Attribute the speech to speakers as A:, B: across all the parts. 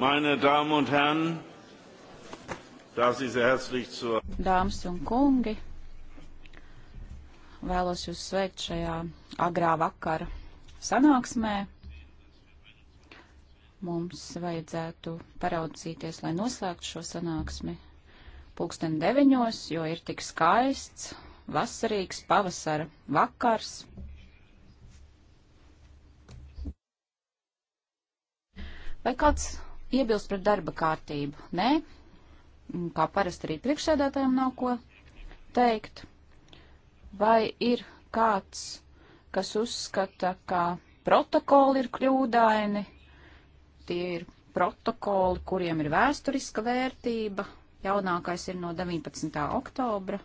A: Meine Damen und Herren, darf ich Sie herzlich zur
B: Dāmas un kungi, vēlos jūs sveikt šajā agrā vakara sanāksmē. Mums vajadzētu paraudzīties, lai noslēgtu šo sanāksmi pulksten deviņos, jo ir tik skaists, vasarīgs pavasara vakars. Vai kāds iebilst pret darba kārtību? Nē, kā parasti arī priekšsēdētājiem nav ko teikt. Vai ir kāds, kas uzskata, ka protokoli ir kļūdaini, tie ir protokoli, kuriem ir vēsturiska vērtība, jaunākais ir no 19. oktobra.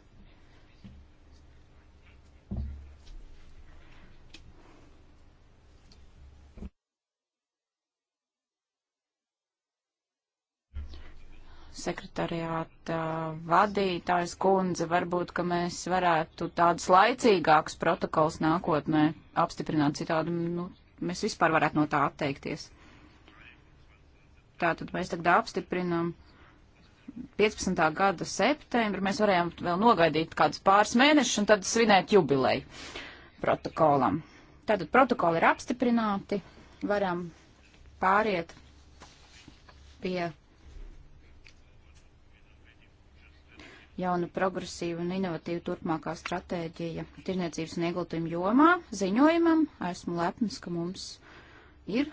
B: sekretariāta vadītājs kundze, varbūt, ka mēs varētu tādus laicīgākus protokols nākotnē apstiprināt citādi, nu, mēs vispār varētu no tā atteikties. Tātad mēs tagad apstiprinam 15. gada septembri, mēs varējām vēl nogaidīt kādus pāris mēnešus un tad svinēt jubileju protokolam. Tātad protokoli ir apstiprināti, varam pāriet pie jauna progresīva un inovatīva turpmākā stratēģija tirniecības un ieguldījumu jomā ziņojumam. Esmu lepns, ka mums ir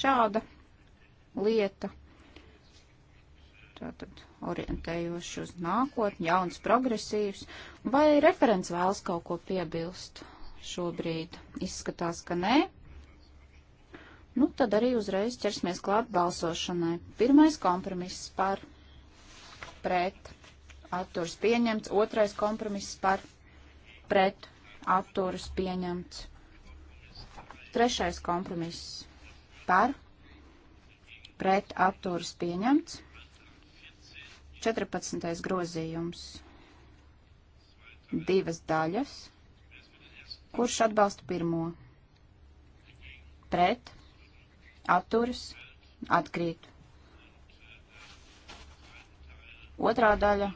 B: šāda lieta. Tātad orientējoši uz nākotni, jauns progresīvs. Vai referents vēlas kaut ko piebilst šobrīd? Izskatās, ka nē. Nu, tad arī uzreiz ķersimies klāt balsošanai. Pirmais kompromiss par pret atturas pieņemts. Otrais kompromiss par pret atturas pieņemts. Trešais kompromiss par pret atturas pieņemts. 14. grozījums divas daļas. Kurš atbalsta pirmo? Pret atturas atkrīt. Otrā daļa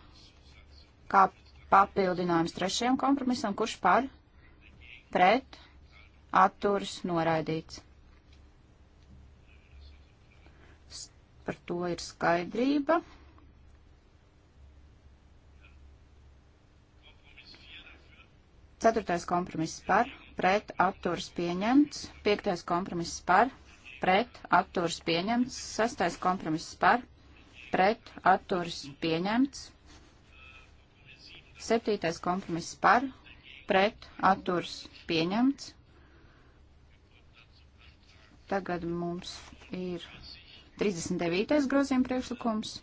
B: kā papildinājums trešajam kompromisam, kurš par, pret, atturas, noraidīts. Par to ir skaidrība. Ceturtais kompromiss par, pret, atturas pieņemts. Piektais kompromiss par, pret, atturas pieņemts. Sastais kompromiss par, pret, atturas pieņemts. Septītais kompromiss par, pret, atturs pieņemts. Tagad mums ir 39. grozījuma priekšlikums.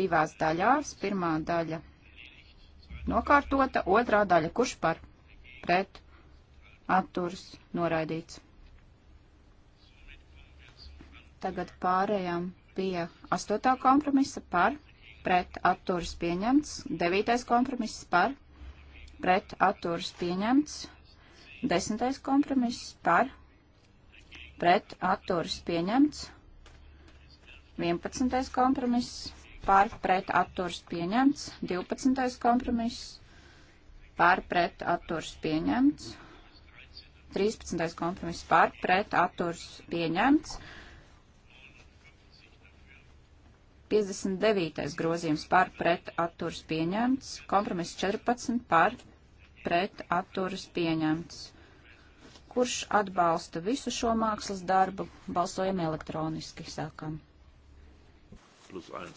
B: Divās daļās. Pirmā daļa nokārtota, otrā daļa kurš par pret atturs noraidīts. Tagad pārējām pie 8. kompromisa par pret atturas pieņemts, 9. kompromiss par pret atturas pieņemts, 10. kompromiss par pret atturas pieņemts, 11. kompromiss par pret atturas pieņemts, 12. kompromiss par pret atturas pieņemts, 13. kompromiss par pret atturas pieņemts, 59. grozījums par pret atturas pieņemts. Kompromiss 14 par pret atturas pieņemts. Kurš atbalsta visu šo mākslas darbu? Balsojam elektroniski, sākam.
A: Plus 1.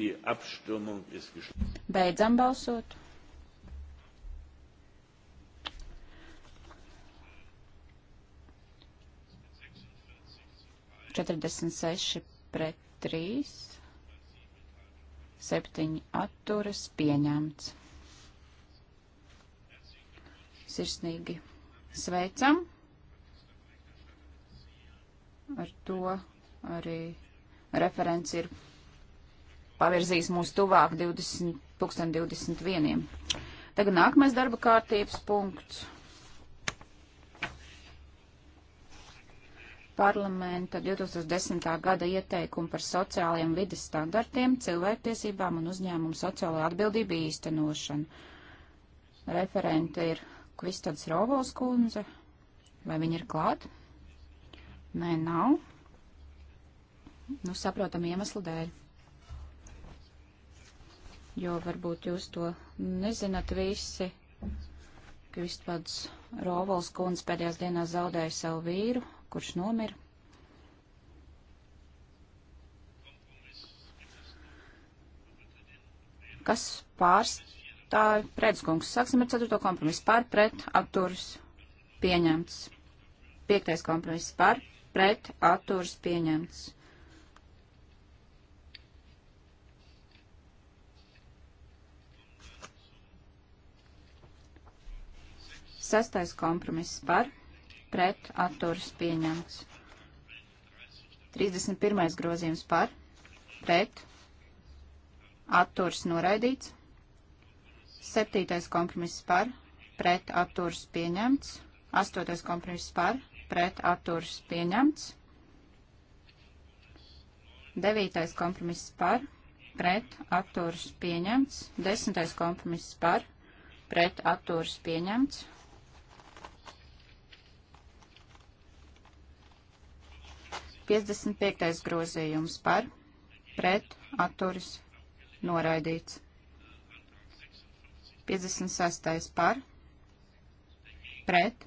A: Die Abstimmung ist geschlossen.
B: Beidzam balsot. 46 pret 3, 7 atturas pieņemts. Sirsnīgi sveicam. Ar to arī referents ir pavirzījis mūs tuvāk 20, 2021. Tagad nākamais darba kārtības punkts. parlamenta 2010. gada ieteikumu par sociālajiem vidas standartiem, cilvēktiesībām un uzņēmumu sociālo atbildību īstenošanu. Referente ir Kvistads Rovos kundze. Vai viņa ir klāt? Nē, nav. Nu, saprotam iemeslu dēļ. Jo varbūt jūs to nezinat visi. Kvistpads Rovols kundze pēdējās dienās zaudēja savu vīru kurš nomira. Kas pārstāv pretskungs? Sāksim ar 4. kompromisu. Par, pret, atturs, pieņemts. 5. kompromiss par, pret, atturs, pieņemts. Sastais kompromiss par, pret atturas pieņemts. 31. grozījums par pret atturas noraidīts. 7. kompromiss par pret atturas pieņemts. 8. kompromiss par pret atturas pieņemts. 9. kompromiss par pret atturas pieņemts. 10. kompromiss par pret atturas pieņemts. 55. grozījums par pret atturis noraidīts. 56. par pret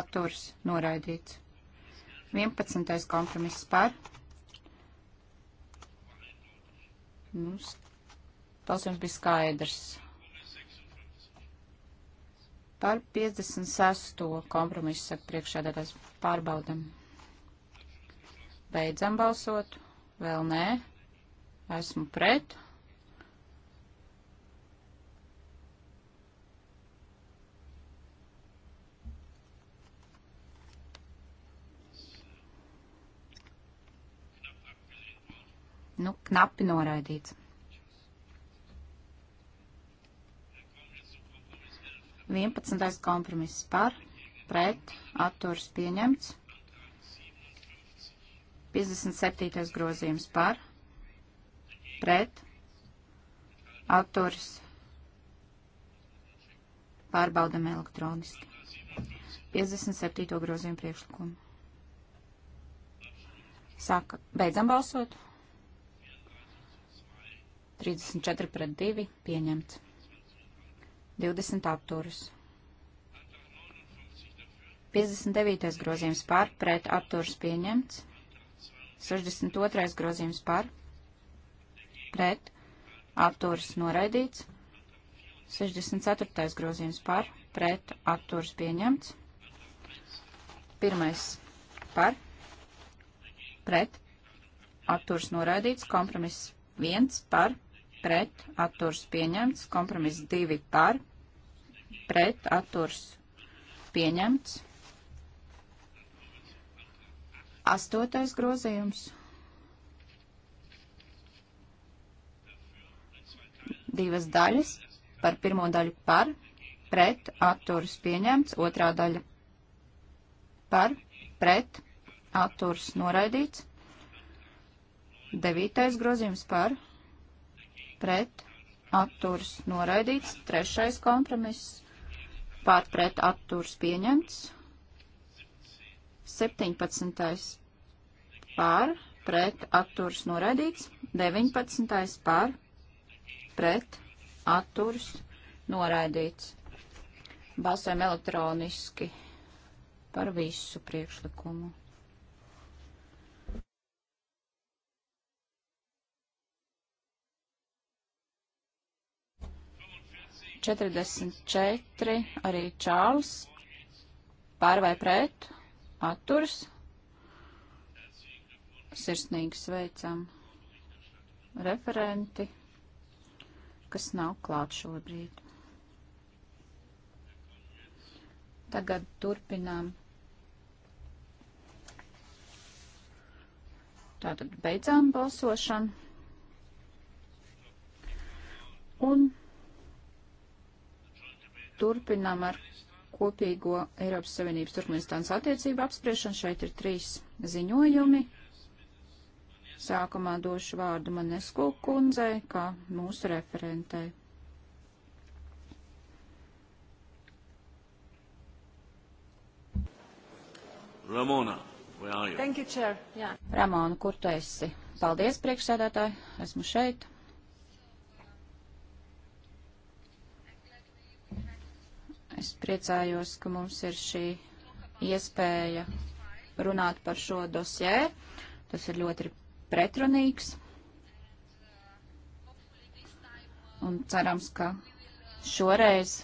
B: atturis noraidīts. 11. kompromiss par. Mums nu, balsojums bija skaidrs. Par 56. kompromisu, saka priekšādātājs, pārbaudam. Beidzam balsot. Vēl nē. Esmu pret. Nu, knapi noraidīts. Vienpadsmitais kompromiss par, pret, atturs pieņemts. 57. grozījums par, pret, atturs, pārbaudam elektroniski. 57. grozījumu priekšlikumu. Saka, beidzam balsot. 34 pret 2 pieņemts. 20 apturus. 59. grozījums pār pret apturus pieņemts. 62. grozījums par, pret, atturas noraidīts, 64. grozījums par, pret, atturas pieņemts, 1. par, pret, atturas noraidīts, kompromiss 1 par, pret, atturas pieņemts, kompromiss 2 par, pret, atturas pieņemts. Astotais grozījums. Divas daļas. Par pirmo daļu par, pret, atturs pieņemts. Otrā daļa par, pret, atturs noraidīts. Devītais grozījums par, pret, atturs noraidīts. Trešais kompromiss par, pret, atturs pieņemts. 17 pār, pret, atturs noraidīts, 19. pār, pret, atturs noraidīts. Balsojam elektroniski par visu priekšlikumu. Četrdesmit četri arī Čārls pār vai pret atturs Sirsnīgi sveicam referenti, kas nav klāt šobrīd. Tagad turpinām. Tātad beidzām balsošanu. Un turpinām ar kopīgo Eiropas Savienības Turkmenistānas attiecību apspriešanu. Šeit ir trīs ziņojumi. Sākumā došu vārdu Manesko kundzei, kā mūsu referentei.
A: Ramona, where are you? Thank
B: you, Chair. Yeah. Ramona, kur tu esi? Paldies, priekšsēdētāji, esmu šeit. Es priecājos, ka mums ir šī iespēja runāt par šo dosjē. Tas ir ļoti pretrunīgs. Un cerams, ka šoreiz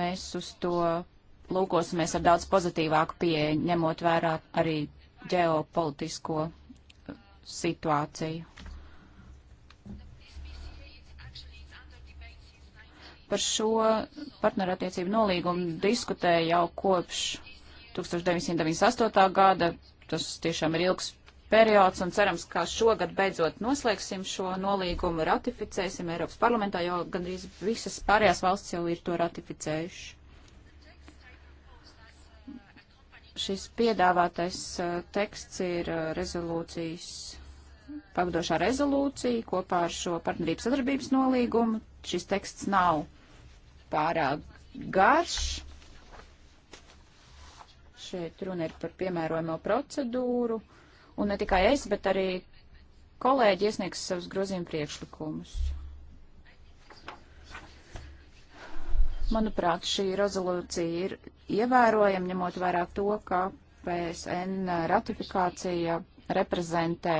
B: mēs uz to lūkosimies ar daudz pozitīvāku pieeju, ņemot vērā arī ģeopolitisko situāciju. Par šo partnerattiecību nolīgumu diskutēja jau kopš 1998. gada tas tiešām ir ilgs periods un cerams, ka šogad beidzot noslēgsim šo nolīgumu, ratificēsim Eiropas parlamentā, jo gandrīz visas pārējās valsts jau ir to ratificējuši. Šis piedāvātais teksts ir rezolūcijas, pavadošā rezolūcija kopā ar šo partnerības sadarbības nolīgumu. Šis teksts nav pārāk garš, Šeit runa ir par piemērojamo procedūru, un ne tikai es, bet arī kolēģi iesniegs savus grozījumu priekšlikumus. Manuprāt, šī rezolūcija ir ievērojama, ņemot vērā to, ka PSN ratifikācija reprezentē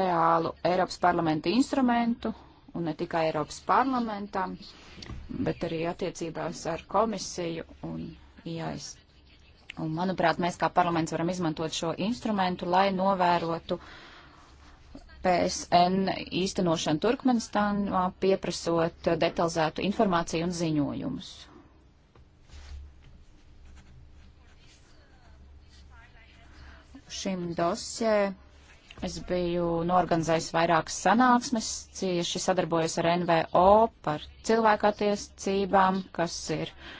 B: reālu Eiropas parlamenta instrumentu, un ne tikai Eiropas parlamentam, bet arī attiecībās ar komisiju un IAST. Un, manuprāt, mēs kā parlaments varam izmantot šo instrumentu, lai novērotu PSN īstenošanu Turkmenistānā, pieprasot detalizētu informāciju un ziņojumus. Šim dosē es biju norganizējis vairākas sanāksmes, cieši sadarbojos ar NVO par cilvēkatiesībām, kas ir uh,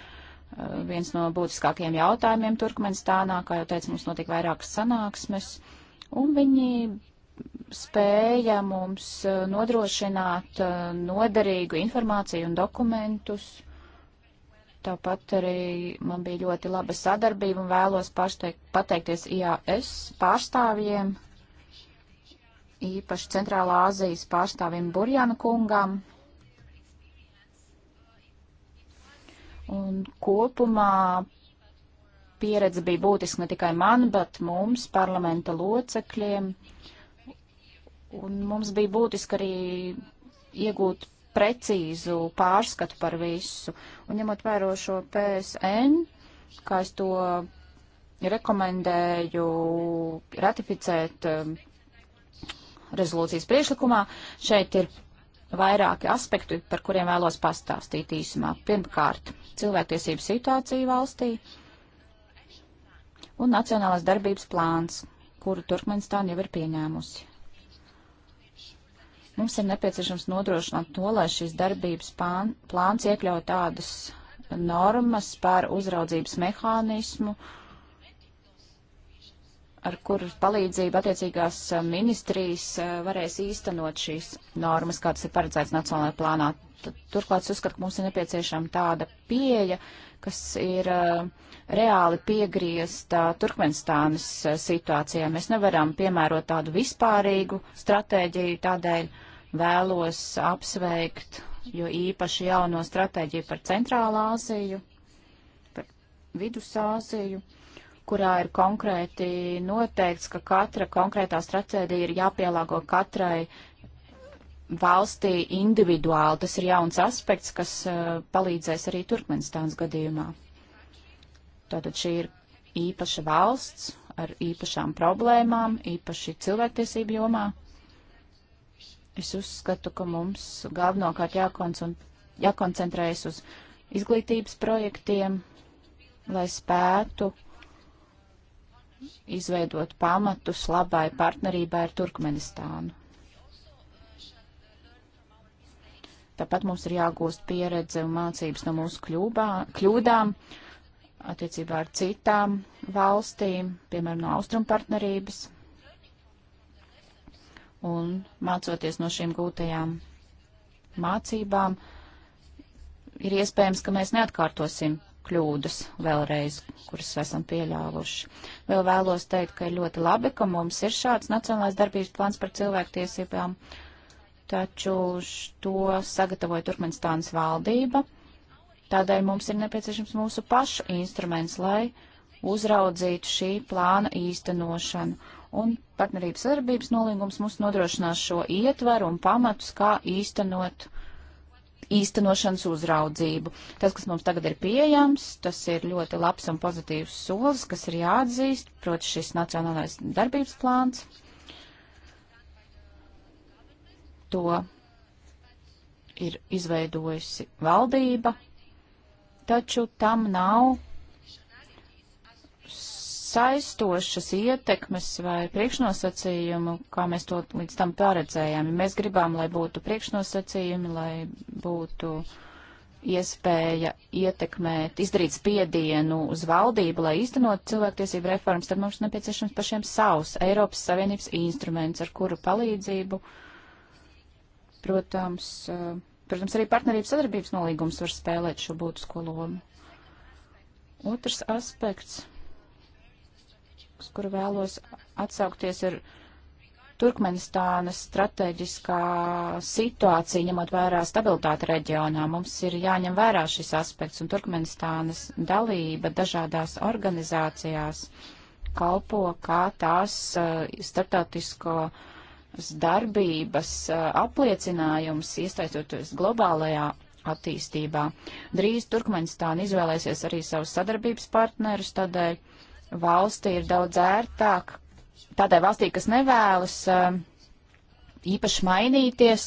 B: Eh, viens no būtiskākajiem jautājumiem Turkmenistānā, kā jau teicu, mums notika vairākas sanāksmes, un viņi spēja mums eh, nodrošināt eh, noderīgu informāciju un dokumentus. Tāpat arī man bija ļoti laba sadarbība un vēlos pašteik, pateikties IAS pārstāvjiem, īpaši Centrālā Azijas pārstāvim Burjana kungam, Un kopumā pieredze bija būtiska ne tikai man, bet mums, parlamenta locekļiem. Un mums bija būtiski arī iegūt precīzu pārskatu par visu. Un ņemot vēro šo PSN, kā es to rekomendēju ratificēt um, rezolūcijas priešlikumā, šeit ir vairāki aspekti, par kuriem vēlos pastāstīt īsumā. Pirmkārt, cilvēktiesību situāciju valstī un Nacionālās darbības plāns, kuru Turkmenistāna jau ir pieņēmusi. Mums ir nepieciešams nodrošināt to, lai šīs darbības pān, plāns iekļauj tādas normas par uzraudzības mehānismu, uh, ar kuras palīdzību attiecīgās eh, ministrijas eh, varēs īstenot šīs normas, kādas ir paredzētas Nacionālajā plānā. Turklāt es uzskatu, ka mums ir nepieciešama tāda pieeja, kas ir eh, reāli piegriezta Turkmenistānas situācijā. Mēs nevaram piemērot tādu vispārīgu stratēģiju, tādēļ vēlos apsveikt, jo īpaši jauno stratēģiju par Centrālā Āziju, par Vidusāziju. Āziju kurā ir konkrēti noteikts, ka katra konkrētā stratēģija ir jāpielāgo katrai valstī individuāli. Tas ir jauns aspekts, kas uh, palīdzēs arī Turkmenistāns gadījumā. Tātad šī ir īpaša valsts ar īpašām problēmām, īpaši cilvēktiesību jomā. Es uzskatu, ka mums galvenokārt jākoncentrējas uz izglītības projektiem, lai spētu uh, izveidot pamatus labai partnerībai ar Turkmenistānu. Tāpat mums ir jāgūst pieredze un mācības no mūsu kļūbā, kļūdām attiecībā ar citām valstīm, piemēram, no Austrum partnerības, un mācoties no šīm gūtajām mācībām, ir iespējams, ka mēs neatkārtosim kļūdas vēlreiz, kuras esam pieļāvuši. Vēl vēlos teikt, ka ir ļoti labi, ka mums ir šāds Nacionālais darbības plāns par cilvēktiesībām, taču to sagatavoja Turkmenistānas valdība. Tādēļ mums ir nepieciešams mūsu pašu instruments, lai uzraudzītu šī plāna īstenošanu. Un partnerības sadarbības nolīgums mums nodrošinās šo ietveru un pamatus, kā īstenot uh, īstenošanas uzraudzību. Tas, kas mums tagad ir pieejams, tas ir ļoti labs un pozitīvs solis, kas ir jāatzīst, proti šis nacionālais darbības plāns. To ir izveidojusi valdība, taču tam nav saistošas ietekmes vai priekšnosacījumu, kā mēs to līdz tam paredzējām. Mēs gribām, lai būtu priekšnosacījumi, lai būtu iespēja ietekmēt, izdarīt spiedienu uz valdību, lai īstenot cilvēktiesību reformas, tad mums nepieciešams pašiem savs Eiropas Savienības instruments, ar kuru palīdzību, protams, eh, protams arī partnerības sadarbības nolīgums var spēlēt šo būtisko lomu. Otrs aspekts uz kuru vēlos atsaukties, ir Turkmenistānas strateģiskā situācija, ņemot vērā stabilitāti reģionā. Mums ir jāņem vērā šis aspekts, un Turkmenistānas dalība dažādās organizācijās kalpo kā tās uh, starptautisko darbības uh, apliecinājums, iesaistoties globālajā attīstībā. Drīz Turkmenistāna izvēlēsies arī savus sadarbības partnerus, tādēļ valstī ir daudz ērtāk, tādai valstī, kas nevēlas um, īpaši mainīties,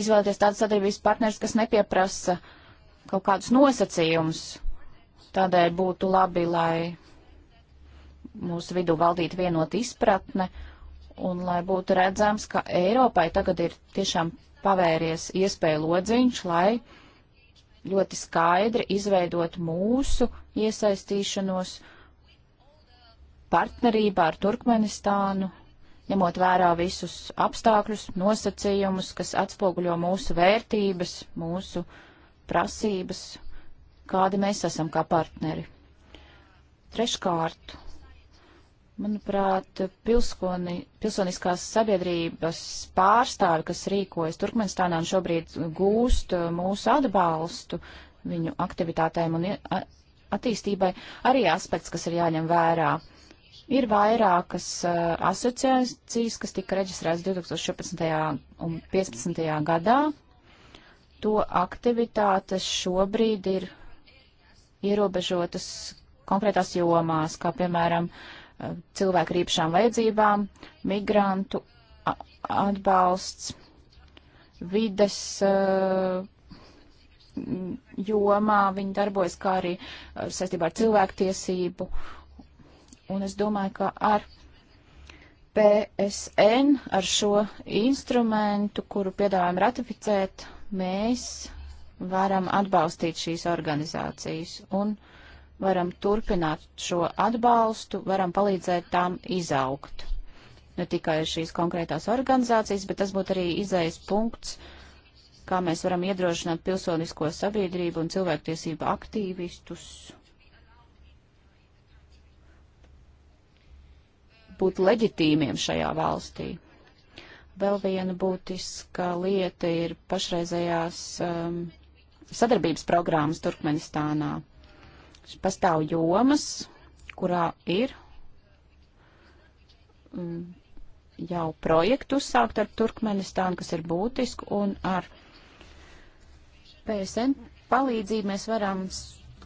B: izvēlēties tādu sadarbības partners, kas nepieprasa kaut kādus nosacījumus. Tādēļ būtu labi, lai mūsu vidū valdītu vienota izpratne un lai būtu redzams, ka Eiropai tagad ir tiešām pavēries iespēja lodziņš, lai ļoti skaidri izveidot mūsu iesaistīšanos partnerībā ar Turkmenistānu, ņemot vērā visus apstākļus, nosacījumus, kas atspoguļo mūsu vērtības, mūsu prasības, kādi mēs esam kā partneri. Treškārt, manuprāt, pilskoni, pilsoniskās sabiedrības pārstāvi, kas rīkojas Turkmenistānā un šobrīd gūst mūsu atbalstu viņu aktivitātēm un attīstībai, arī aspekts, kas ir jāņem vērā. Uh, Ir vairākas uh, asociācijas, kas tika reģistrētas 2014. un 2015. gadā. To aktivitātes šobrīd ir ierobežotas konkrētās jomās, kā piemēram eh, cilvēku rīpšām vajadzībām, migrantu atbalsts, vides uh, jomā viņi darbojas, kā arī saistībā ar cilvēktiesību uh, Un es domāju, ka ar PSN, ar šo instrumentu, kuru piedāvājam ratificēt, mēs varam atbalstīt šīs organizācijas un varam turpināt šo atbalstu, varam palīdzēt tām izaugt. Ne tikai šīs konkrētās organizācijas, bet tas būtu arī izējas punkts, kā mēs varam iedrošināt pilsonisko sabiedrību un cilvēktiesību aktīvistus būt leģitīmiem šajā valstī. Vēl viena būtiska lieta ir pašreizējās um, sadarbības programmas Turkmenistānā. Pastāv jomas, kurā ir um, jau projektu uzsākt ar Turkmenistānu, kas ir būtisku, un ar PSN palīdzību mēs varam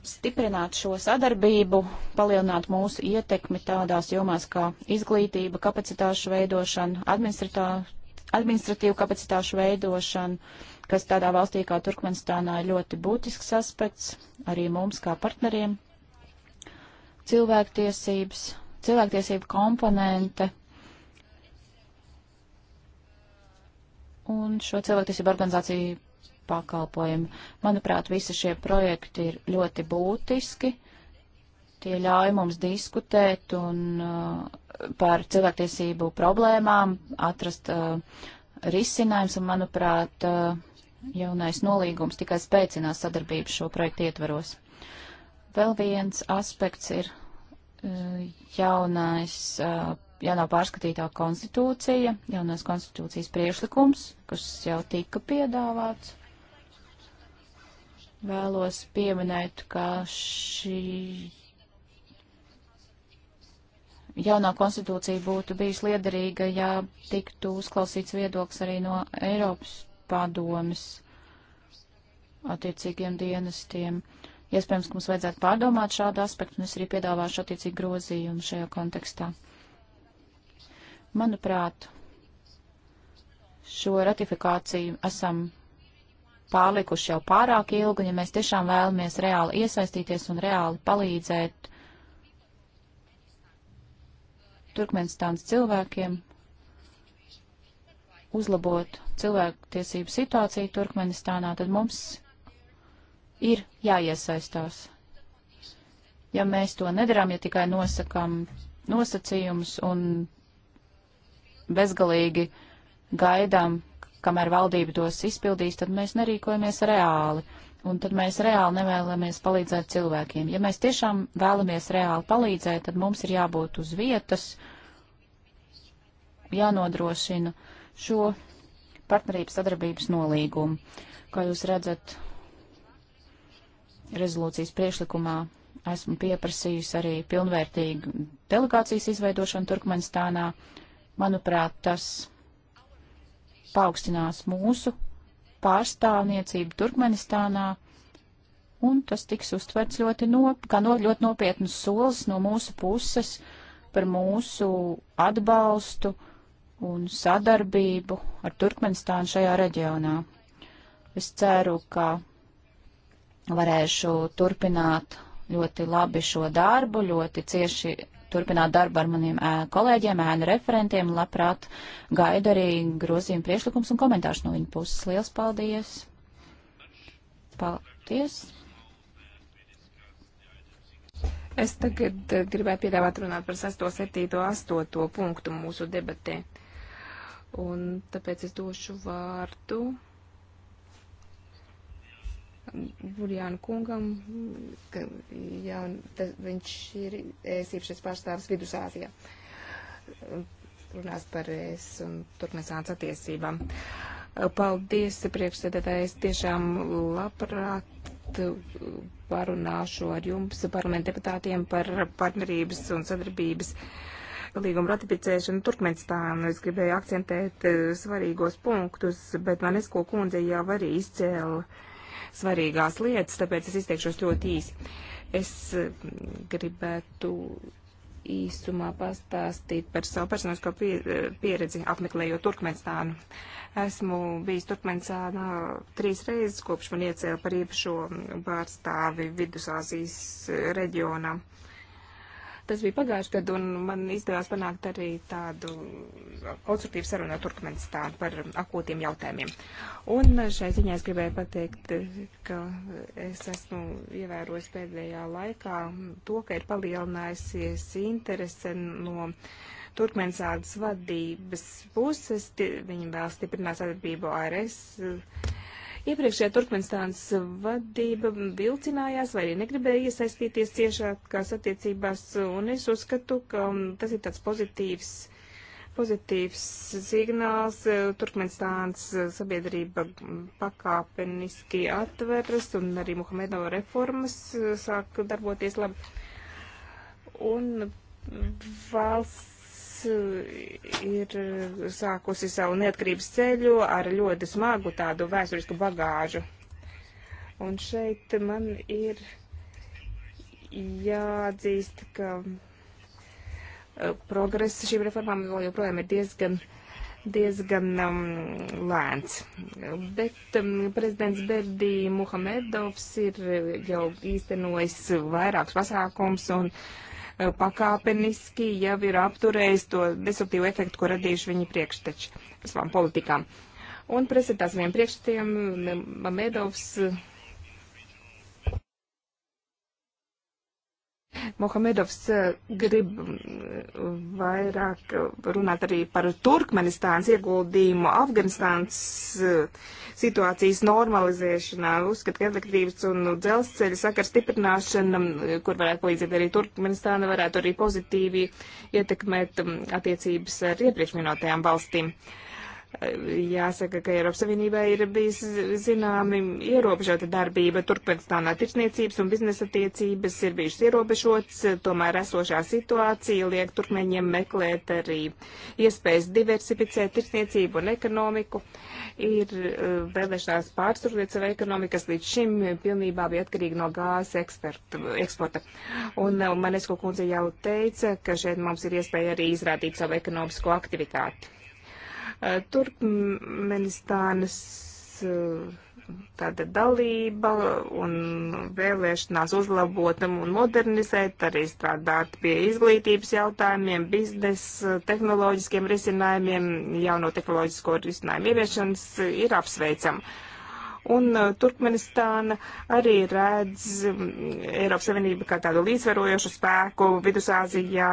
B: stiprināt šo sadarbību, palielināt mūsu ietekmi tādās jomās kā izglītība, kapacitāšu veidošana, administratīvu kapacitāšu veidošana, kas tādā valstī kā Turkmenistānā ir ļoti būtisks aspekts arī mums kā partneriem. Cilvēktiesības, cilvēktiesību komponente. Un šo cilvēktiesību organizāciju pakalpojumi. Manuprāt, visi šie projekti ir ļoti būtiski. Tie ļauj mums diskutēt un, uh, par cilvēktiesību problēmām, atrast uh, risinājums, un, manuprāt, uh, jaunais nolīgums tikai spēcinās sadarbību šo projektu ietvaros. Vēl viens aspekts ir uh, jaunais, uh, jaunā pārskatītā konstitūcija, jaunās konstitūcijas priešlikums, kas jau tika piedāvāts vēlos pieminēt, ka šī jaunā konstitūcija būtu bijis liederīga, ja tiktu uzklausīts viedoklis arī no Eiropas padomes attiecīgiem dienestiem. Iespējams, ka mums vajadzētu pārdomāt šādu aspektu, un es arī piedāvāšu attiecīgi grozījumu šajā kontekstā. Manuprāt, šo ratifikāciju esam palikuši jau pārāk ilgi, un ja mēs tiešām vēlamies reāli iesaistīties un reāli palīdzēt Turkmenistānas cilvēkiem uzlabot cilvēktiesību situāciju Turkmenistānā, tad mums ir jāiesaistās. Ja mēs to nedarām, ja tikai nosakam nosacījumus un bezgalīgi gaidām kamēr valdība tos izpildīs, tad mēs nerīkojamies reāli. Un tad mēs reāli nevēlamies palīdzēt cilvēkiem. Ja mēs tiešām vēlamies reāli palīdzēt, tad mums ir jābūt uz vietas, jānodrošina šo partnerības sadarbības nolīgumu. Kā jūs redzat, rezolūcijas priekšlikumā esmu pieprasījusi arī pilnvērtīgu delegācijas izveidošanu Turkmenistānā. Manuprāt, tas paaugstinās mūsu pārstāvniecību Turkmenistānā, un tas tiks uztverts ļoti, nop, kā no, ļoti nopietnas solis no mūsu puses par mūsu atbalstu un sadarbību ar Turkmenistānu šajā reģionā. Es ceru, ka varēšu turpināt ļoti labi šo darbu, ļoti cieši turpināt darbu ar maniem kolēģiem, ēnu referentiem. Labprāt gaidu arī grozījumu priešlikums un komentārus no viņa puses. Liels paldies!
A: Paldies! Es tagad eh, gribētu piedāvāt runāt par 6, 7, 8 punktu mūsu debatē. Un tāpēc es došu vārdu Burjāna kungam, ka jā, tas, viņš ir ēsīpašais pārstāvis Vidusāzijā. Runās par es un Turkmesāns attiecībām. Paldies, priekšsēdētājs, tiešām labprāt parunāšu ar jums, parlamenta deputātiem, par partnerības un sadarbības līgumu ratificēšanu Turkmenistānu. Es gribēju akcentēt eh, svarīgos punktus, bet man esko kundze jau arī izcēla svarīgās lietas, tāpēc es izteikšos ļoti īsi. Es mm, gribētu īsumā pastāstīt par savu personisko pieredzi apmeklējot Turkmenistānu. Esmu bijis Turkmenistānā trīs reizes, kopš man iecēla par īpašo mm, pārstāvi Vidusāzijas eh, reģionā. Uh, Tas bija pagājuši gadu, un man izdevās panākt arī tādu konstruktīvu sarunu ar Turkmenistānu par akūtiem jautājumiem. Un šai ziņā es gribēju pateikt, ka es esmu ievērojis pēdējā laikā to, ka ir palielinājusies interese no. Turkmenistānas vadības puses, viņi vēl stiprinās sadarbību ARS Iepriekšējā Turkmenistānas vadība vilcinājās vai arī negribēja iesaistīties ciešākās attiecībās, un es uzskatu, ka um, tas ir tāds pozitīvs, pozitīvs signāls. Uh, Turkmenistānas uh, sabiedrība pakāpeniski atveras, un arī Muhamedovo reformas uh, sāk darboties labi. Un valsts ir sākusi savu neatkarības ceļu ar ļoti smagu tādu vēsturisku bagāžu. Un šeit man ir jāatzīst, ka eh, progress šīm reformām vēl joprojām ir diezgan, diezgan um, lēns. Bet um, prezidents Berdī Muhamedovs ir jau īstenojis vairākus pasākums un uh, Eh, pakāpeniski jau ir apturējis to destruktīvo efektu, ko radījuši viņi priekšteči savām politikām. Un prezentās viņiem priekšstiem Mamedovs Mohamedovs eh, grib mm, vairāk runāt arī par Turkmenistānas ieguldījumu Afganistānas eh, situācijas normalizēšanā. Uzskat, ka elektrības un dzelzceļa sakars stiprināšana, mm, kur varētu palīdzēt arī Turkmenistāna, varētu arī pozitīvi ietekmēt mm, attiecības ar iepriekš minētajām valstīm. Uh, Jāsaka, ka Eiropas Savienībā ir bijis zināmi ierobežota darbība. Turkmenistānā tirsniecības un biznesa attiecības ir bijušas ierobežotas, tomēr esošā situācija liek turkmeņiem meklēt arī iespējas diversificēt tirsniecību un ekonomiku. Ir uh, vēlēšanās pārstruktūrēt savu ekonomiku, kas līdz šim pilnībā bija atkarīga no gāzes eksporta. Un uh, Manesko kundze jau teica, ka šeit mums ir iespēja arī izrādīt savu ekonomisko aktivitāti. Turkmenistānas tāda dalība un vēlēšanās uzlabot un modernizēt, arī strādāt pie izglītības jautājumiem, biznesa, tehnoloģiskiem risinājumiem, jauno tehnoloģisko risinājumu ieviešanas ir apsveicama Un uh, Turkmenistāna arī redz mm, Eiropas Savienību kā tādu līdzvarojošu spēku Vidusāzijā,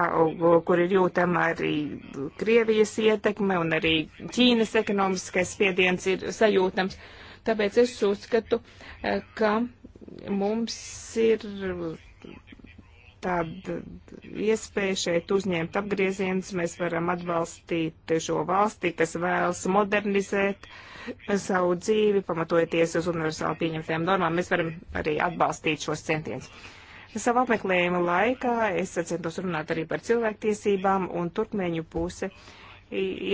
A: kur ir jūtama arī Krievijas ietekme un arī Ķīnas ekonomiskais spiediens ir sajūtams. Tāpēc es uzskatu, eh, ka mums ir tāda iespēja šeit uzņemt apgriezienus. Mēs varam atbalstīt šo valsti, kas vēlas modernizēt uh, savu dzīvi, pamatojoties uz universāli pieņemtajām normām, mēs varam arī atbalstīt šos centienus. Savu apmeklējumu laikā es centos runāt arī par cilvēktiesībām un turkmeņu pusi,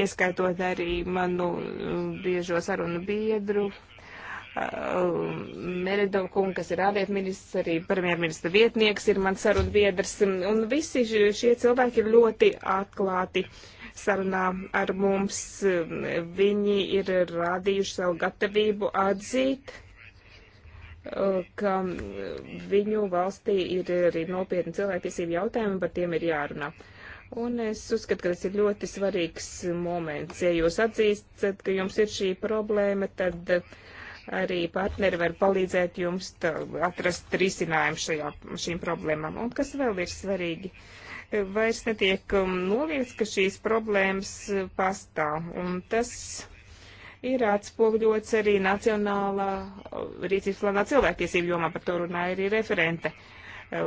A: ieskaitot arī manu um, biežo sarunu biedru. Um, Meredov kungu, kas ir ārlietu ministrs, arī premjerministra vietnieks ir mans sarunu biedrs, un visi šie cilvēki ir ļoti atklāti uh, sarunā ar mums. Um, viņi ir rādījuši savu gatavību atzīt, uh, ka um, viņu valstī ir arī nopietni cilvēktiesību jautājumi, par tiem ir jārunā. Un es uzskatu, ka tas ir ļoti svarīgs moments. Ja jūs atzīstat, ka jums ir šī problēma, tad uh, arī partneri var palīdzēt jums atrast risinājumu šajā, šīm problēmām. Un kas vēl ir svarīgi? E, vairs netiek um, noliegts, ka šīs problēmas e, pastāv. Un tas ir atspoguļots arī Nacionālā rīcības plānā cilvēktiesību jomā, par to runāja arī referente. E,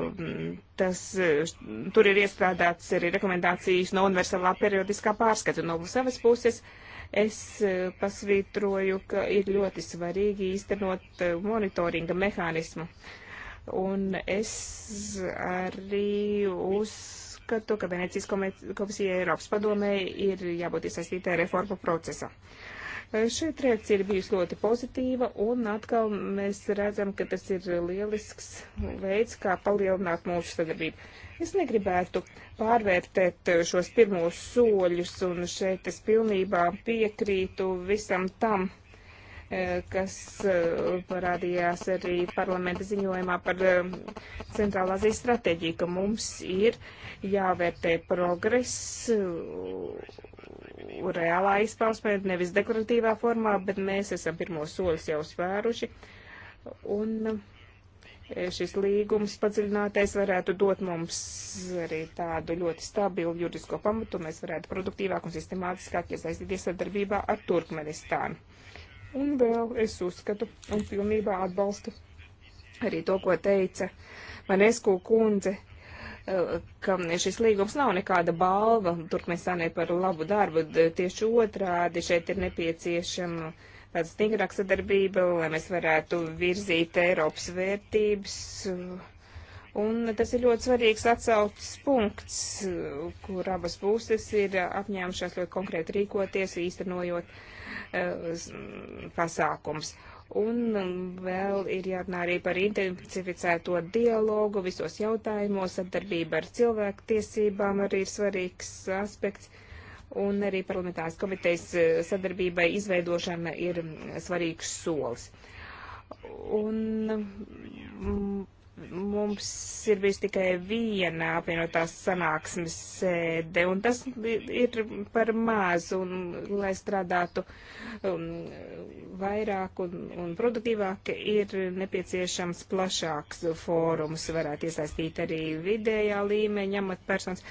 A: tas, tur ir iestrādāts arī rekomendācijas no universālā periodiskā pārskata. No savas puses Es eh, pasvītroju, ka ir ļoti svarīgi īstenot eh, monitoringa mehānismu. Un es arī uzskatu, ka Venecijas komisija Eiropas padomē ir jābūt iesaistītē reformu procesā. Uh, Eh, šeit reakcija ir bijusi ļoti pozitīva, un atkal mēs redzam, ka tas ir lielisks veids, kā palielināt mūsu sadarbību. Es negribētu pārvērtēt eh, šos pirmos soļus, un šeit es pilnībā piekrītu visam tam, kas eh, parādījās arī parlamenta ziņojumā par eh, Centrālāzijas stratēģiju, ka mums ir jāvērtē progress eh, reālā izpausmē, nevis dekoratīvā formā, bet mēs esam pirmos soļus jau svēruši. Un šis līgums padziļinātais varētu dot mums arī tādu ļoti stabilu juridisko pamatu, mēs varētu produktīvāk un sistemātiskāk iesaistīties sadarbībā ar Turkmenistānu. Un vēl es uzskatu un pilnībā atbalstu arī to, ko teica Manesku kundze, eh, ka šis līgums nav nekāda balva Turkmenistānai par labu darbu. Tieši otrādi šeit ir nepieciešama tāda stingrāka sadarbība, lai mēs varētu virzīt Eiropas vērtības. Un tas ir ļoti svarīgs atsaucas punkts, kur abas puses ir apņēmušās ļoti konkrēti rīkoties, īstenojot uh, Eh, mm, pasākums. Un mm, vēl ir jārunā arī par intensificēto dialogu visos jautājumos, sadarbība ar cilvēku tiesībām arī ir svarīgs aspekts. Un arī parlamentārās komitejas eh, sadarbībai izveidošana ir mm, svarīgs solis. Un Mums ir bijis tikai viena apvienotās sanāksmes sēde, un tas ir par maz, un lai strādātu un, um, vairāk un, un produktīvāk, ir nepieciešams plašāks fórums, varētu iesaistīt arī vidējā līmeņa amatpersonas.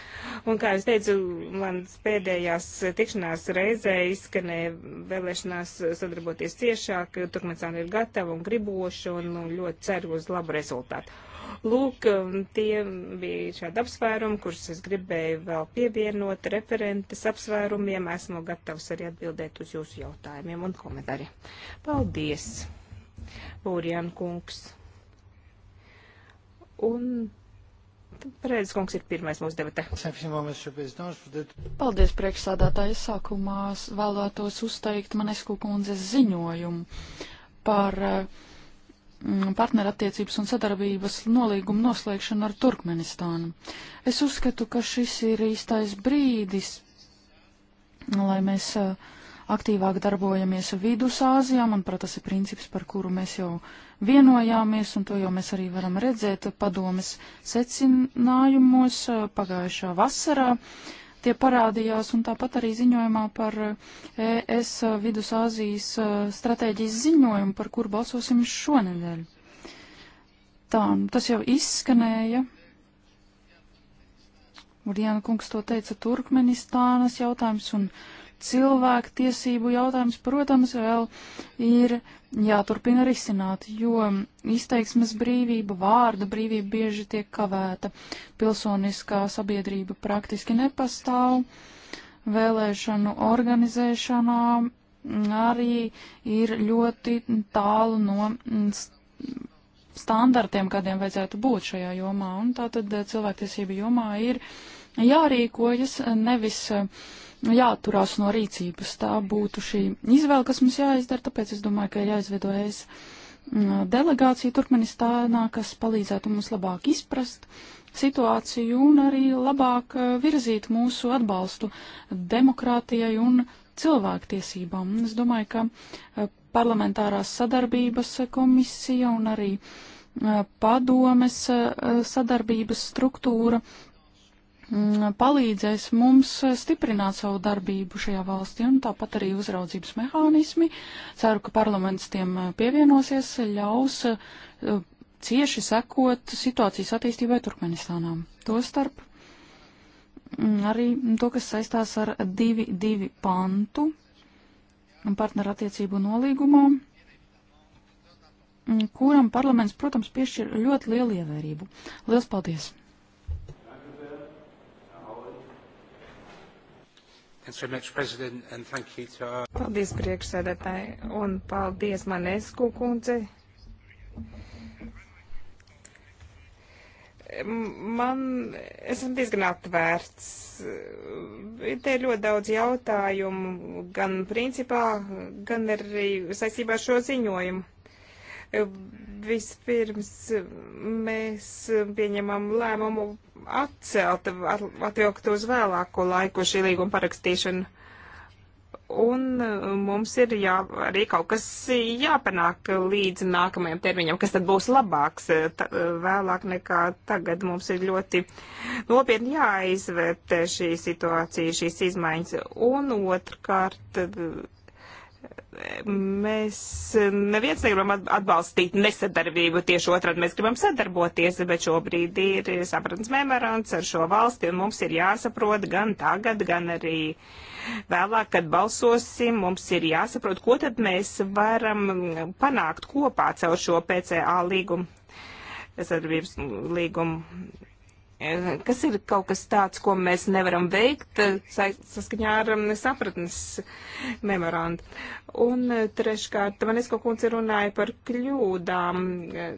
A: Un, kā es teicu, mans pēdējās tikšanās reizē izskanēja vēlēšanās sadarboties ciešāk, Turkmencāna ir gatava un griboša, un, un ļoti ceru uz labu rezultātu. Lūk, um, tie bija šādi apsvērumi, kurus es gribēju vēl pievienot referentes apsvērumiem. Esmu gatavs arī atbildēt uz jūsu jautājumiem un komentāriem. Paldies, Būrjan kungs. Un Pareizes kungs ir pirmais mūsu debatē.
C: Paldies, priekšsādātāji. Sākumā vēlētos uzteikt Manesku kundzes ziņojumu par uh, Mm, partnerattiecības un sadarbības nolīguma noslēgšanu ar Turkmenistānu. Es uzskatu, ka šis ir īstais brīdis, lai mēs eh, aktīvāk darbojamies Vidusāzijā, manuprāt, tas ir princips, par kuru mēs jau vienojāmies, un to jau mēs arī varam redzēt padomes secinājumos eh, pagājušā vasarā. Uh, tie parādījās un tāpat arī ziņojumā par ES Vidusāzijas e, stratēģijas ziņojumu, par kur balsosim šonedēļ. Tā, tas jau izskanēja. Urjāna kungs to teica Turkmenistānas jautājums un cilvēku tiesību jautājums, protams, vēl ir jāturpina risināt, jo izteiksmes brīvība, vārda brīvība bieži tiek kavēta. Pilsoniskā sabiedrība praktiski nepastāv. Vēlēšanu organizēšanā arī ir ļoti tālu no standartiem, kādiem vajadzētu būt šajā jomā. Un tātad eh, cilvēktiesība jomā ir jārīkojas nevis uh, jāatturās no rīcības. Tā būtu šī izvēle, kas mums jāizdara, tāpēc es domāju, ka ir jāizveidojas mm, delegācija Turkmenistānā, kas palīdzētu mums labāk izprast situāciju un arī labāk eh, virzīt mūsu atbalstu demokrātijai un cilvēktiesībām. Es domāju, ka eh, parlamentārās sadarbības komisija un arī eh, padomes sadarbības struktūra Mm, palīdzēs mums stiprināt savu darbību šajā valstī, un tāpat arī uzraudzības mehānismi. Ceru, ka parlaments tiem eh, pievienosies, ļaus eh, cieši sekot situācijas attīstībai Turkmenistānā. Tostarp mm, arī to, kas saistās ar divi, divi pantu partnerattiecību nolīgumā, mm, kuram parlaments, protams, piešķir ļoti lielu ievērību. Lielas paldies!
A: Paldies priekšsēdētāji un paldies Manesku kundze. Man, esam diezgan atvērts. Te ir ļoti daudz jautājumu gan principā, gan arī saistībā ar šo ziņojumu. Vispirms mēs pieņemam lēmumu atcelt, atvilkt uz vēlāko laiku šī līguma parakstīšanu. Un uh, mums ir jā, arī kaut kas jāpanāk līdz nākamajam termiņam, kas tad būs labāks uh, uh, vēlāk nekā tagad. Mums ir ļoti nopietni jāizvērtē šī situācija, šīs izmaiņas. Un otrkārt, mēs neviens negribam atbalstīt nesadarbību, tieši otrādi mēs gribam sadarboties, bet šobrīd ir sapratnes memorands ar šo valsti, un mums ir jāsaprot gan tagad, gan arī vēlāk, kad balsosim, mums ir jāsaprot, ko tad mēs varam panākt kopā caur šo PCA līgumu, sadarbības līgumu Eh, kas ir kaut kas tāds, ko mēs nevaram veikt eh, saskaņā ar mm, sapratnes memorandu. Un eh, treškārt, Vanesko kundze runāja par kļūdām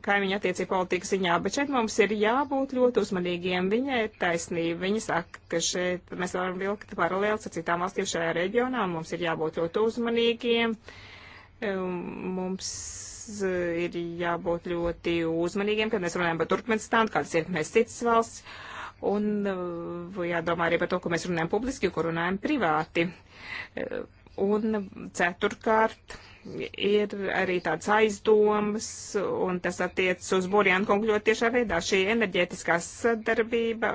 A: kaimiņa attiecību politikas ziņā, bet šeit mums ir jābūt ļoti uzmanīgiem. Viņai ir taisnība. Viņa saka, ka šeit mēs varam vilkt paralēlis ar citām valstīm šajā reģionā. Mums ir jābūt ļoti uzmanīgiem. Mums ir jābūt ļoti uzmanīgiem, kad mēs runājam par Turkmenistānu, kādas ietekmēs citas valsts, un uh, jādomā arī par to, ko mēs runājam publiski, ko runājam privāti. Uh, un ceturkārt ir arī tāds aizdoms, un tas attiec uz Burjānu kungu ļoti tiešā veidā. Šī enerģētiskā sadarbība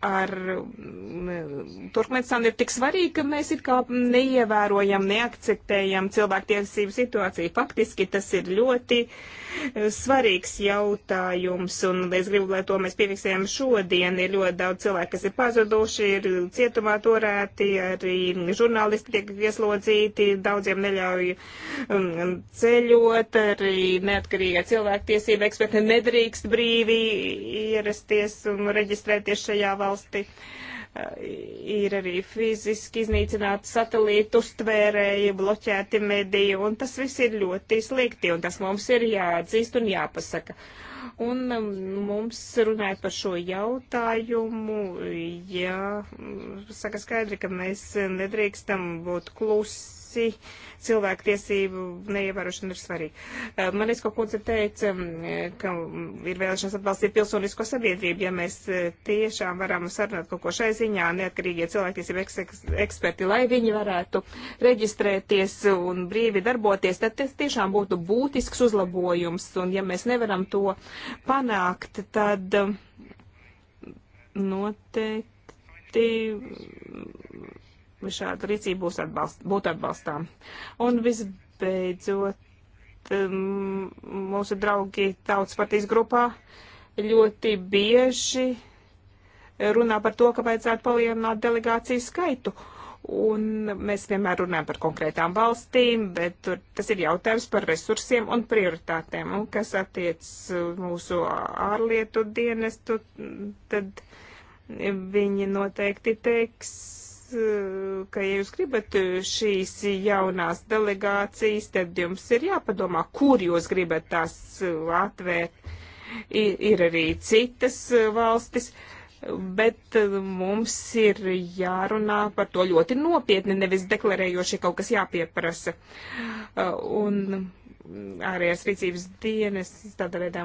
A: ar Turkmenistānu ir tik svarīgi, ka mēs it kā neievērojam, neakceptējam cilvēktiesību situāciju. Faktiski tas ir ļoti eh, svarīgs jautājums, un es gribu, lai to mēs piefiksējam šodien. Ir ļoti daudz cilvēku, kas ir pazuduši, ir cietumā turēti, arī žurnālisti tiek ieslodzīti, daudziem neļauj um, ceļot, arī neatkarīgā cilvēktiesība eksperta nedrīkst brīvi ierasties un reģistrēties šajā valstī valsti eh, ir arī fiziski iznīcināti satelītu uztvērēji, bloķēti mediji, un tas viss ir ļoti slikti, un tas mums ir jāatzīst un jāpasaka. Un um, mums runājot par šo jautājumu, jā, saka skaidri, ka mēs nedrīkstam būt klusi visi cilvēktiesību neievērošana ir svarīga. Man es kaut ko teica, ka ir vēlēšanas atbalstīt pilsonisko sabiedrību, ja mēs tiešām varam sarunāt kaut ko šai ziņā, neatkarīgie cilvēktiesību eks eksperti, lai viņi varētu reģistrēties un brīvi darboties, tad tas tiešām būtu būtisks uzlabojums, un ja mēs nevaram to panākt, tad noteikti šāda rīcība būs atbalst, būtu atbalstām. Un visbeidzot, um, mūsu draugi tautas partijas grupā ļoti bieži runā par to, ka vajadzētu palielināt delegāciju skaitu. Un mēs vienmēr runājam par konkrētām valstīm, bet tur, tas ir jautājums par resursiem un prioritātēm. Un kas attiec mūsu ārlietu dienestu, tad viņi noteikti teiks, ka, ja jūs gribat eh, šīs jaunās delegācijas, tad jums ir jāpadomā, kur jūs gribat tās eh, atvērt. Ir, ir arī citas eh, valstis, bet mums ir jārunā par to ļoti nopietni, nevis deklarējoši kaut kas jāpieprasa. Un ārējās rīcības dienas, tad veidā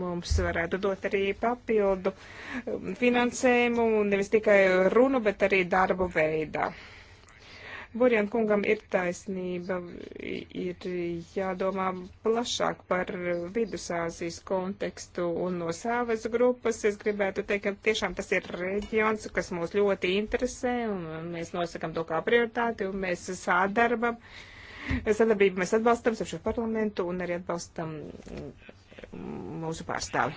A: mums varētu dot arī papildu um, finansējumu, nevis tikai runu, bet arī darbu veidā. Burjan kungam ir taisnība, ir jādomā plašāk par Vidusāzijas kontekstu un no savas grupas. Es gribētu teikt, ka tiešām tas ir reģions, kas mūs ļoti interesē, un mēs nosakam to kā prioritāti, un mēs sadarbam. Uh, sadarbību mēs atbalstam ar šo parlamentu un arī atbalstam mūsu pārstāvi.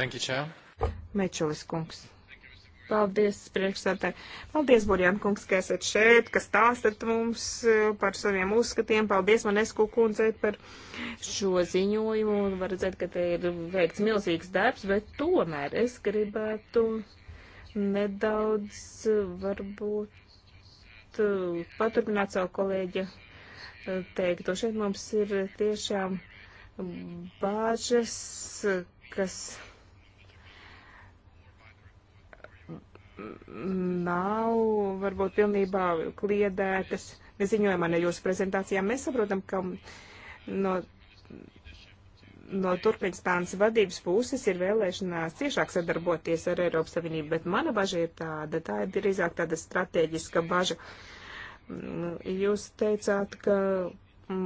A: Thank you, Chair. Mečulis kungs. Paldies, priekšsētāji. Paldies, Burjāna kungs, ka esat šeit, ka stāstat mums e, par saviem uzskatiem. Paldies, Manesku kundzei, par šo ziņojumu. Var redzēt, ka te ir veikts milzīgs darbs, bet tomēr es gribētu nedaudz varbūt paturpināt savu kolēģi teikto. Šeit mums ir tiešām bāžas, kas nav varbūt pilnībā kliedētas ziņojumā, ne jūsu prezentācijā. Mēs saprotam, ka no no Turkmenistānas vadības puses ir vēlēšanās ciešāk sadarboties ar Eiropas Savienību, bet mana baža ir tāda, tā ir drīzāk tāda strateģiska baža. Mm, jūs teicāt, ka